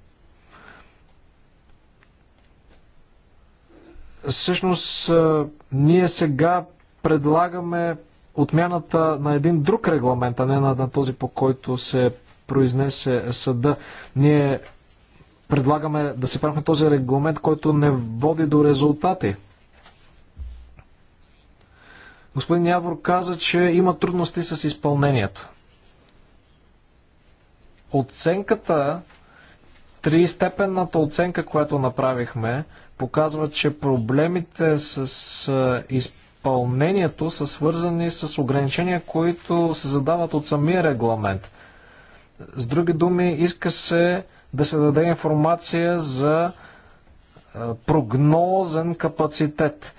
Всъщност, ние сега предлагаме отмяната на един друг регламент, а не на, на този, по който се произнесе съда. Ние предлагаме да се правим този регламент, който не води до резултати. Господин Явор каза, че има трудности с изпълнението. Оценката, тристепенната оценка, която направихме, показва, че проблемите с изпълнението са свързани с ограничения, които се задават от самия регламент. С други думи, иска се да се даде информация за прогнозен капацитет.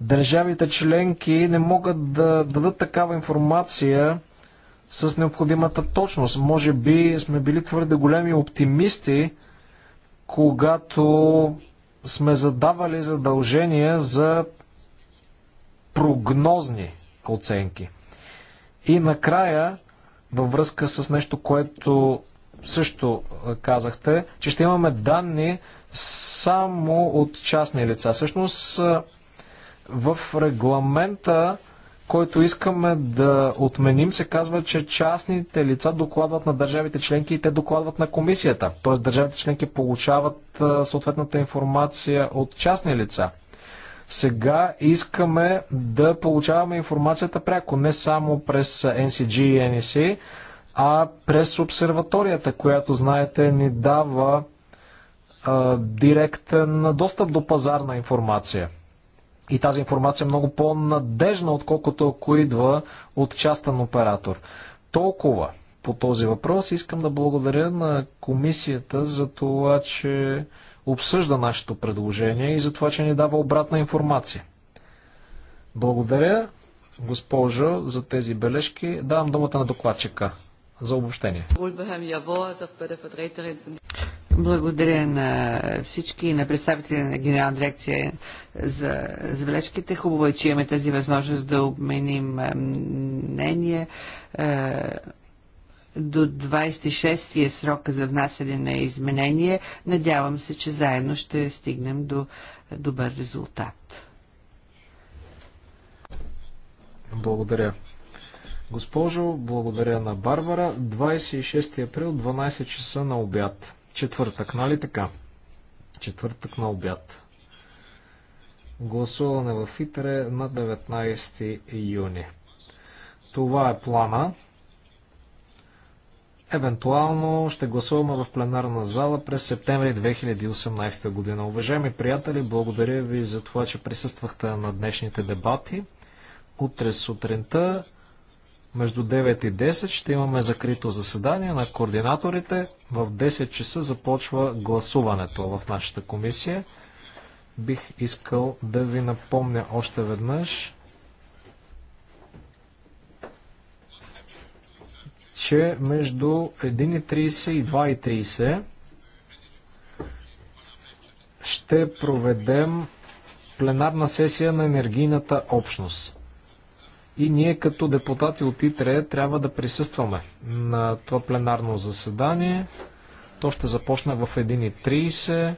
Държавите членки не могат да дадат такава информация с необходимата точност. Може би сме били твърде големи оптимисти, когато сме задавали задължения за прогнозни оценки. И накрая, във връзка с нещо, което също казахте, че ще имаме данни само от частни лица. Всъщност, в регламента който искаме да отменим, се казва, че частните лица докладват на държавите членки и те докладват на комисията. Т.е. държавите членки получават съответната информация от частни лица. Сега искаме да получаваме информацията пряко, не само през NCG и NEC, а през обсерваторията, която, знаете, ни дава а, директен достъп до пазарна информация и тази информация е много по-надежна, отколкото ако идва от частен оператор. Толкова по този въпрос. Искам да благодаря на комисията за това, че обсъжда нашето предложение и за това, че ни дава обратна информация. Благодаря, госпожо, за тези бележки. Давам думата на докладчика за обобщение. Благодаря на всички и на представители на Генерална дирекция за забележките. Хубаво е, че имаме тази възможност да обменим мнение. Е, до 26 е срока за внасяне на изменение. Надявам се, че заедно ще стигнем до добър резултат. Благодаря. Госпожо, благодаря на Барбара. 26 април, 12 часа на обяд. Четвъртък, нали така? Четвъртък на обяд. Гласуване в Итере на 19 юни. Това е плана. Евентуално ще гласуваме в пленарна зала през септември 2018 година. Уважаеми приятели, благодаря ви за това, че присъствахте на днешните дебати. Утре сутринта между 9 и 10 ще имаме закрито заседание на координаторите. В 10 часа започва гласуването в нашата комисия. Бих искал да ви напомня още веднъж, че между 1.30 и 2.30 ще проведем пленарна сесия на енергийната общност. И ние като депутати от ИТРЕ трябва да присъстваме на това пленарно заседание. То ще започне в 1.30.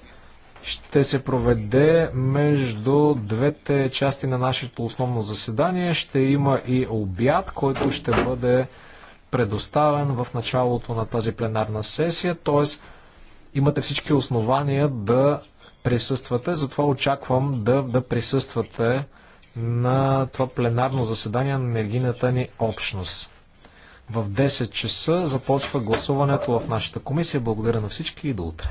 Ще се проведе между двете части на нашето основно заседание. Ще има и обяд, който ще бъде предоставен в началото на тази пленарна сесия. Т.е. имате всички основания да присъствате. Затова очаквам да, да присъствате на това пленарно заседание на енергийната ни общност. В 10 часа започва гласуването в нашата комисия. Благодаря на всички и до утре.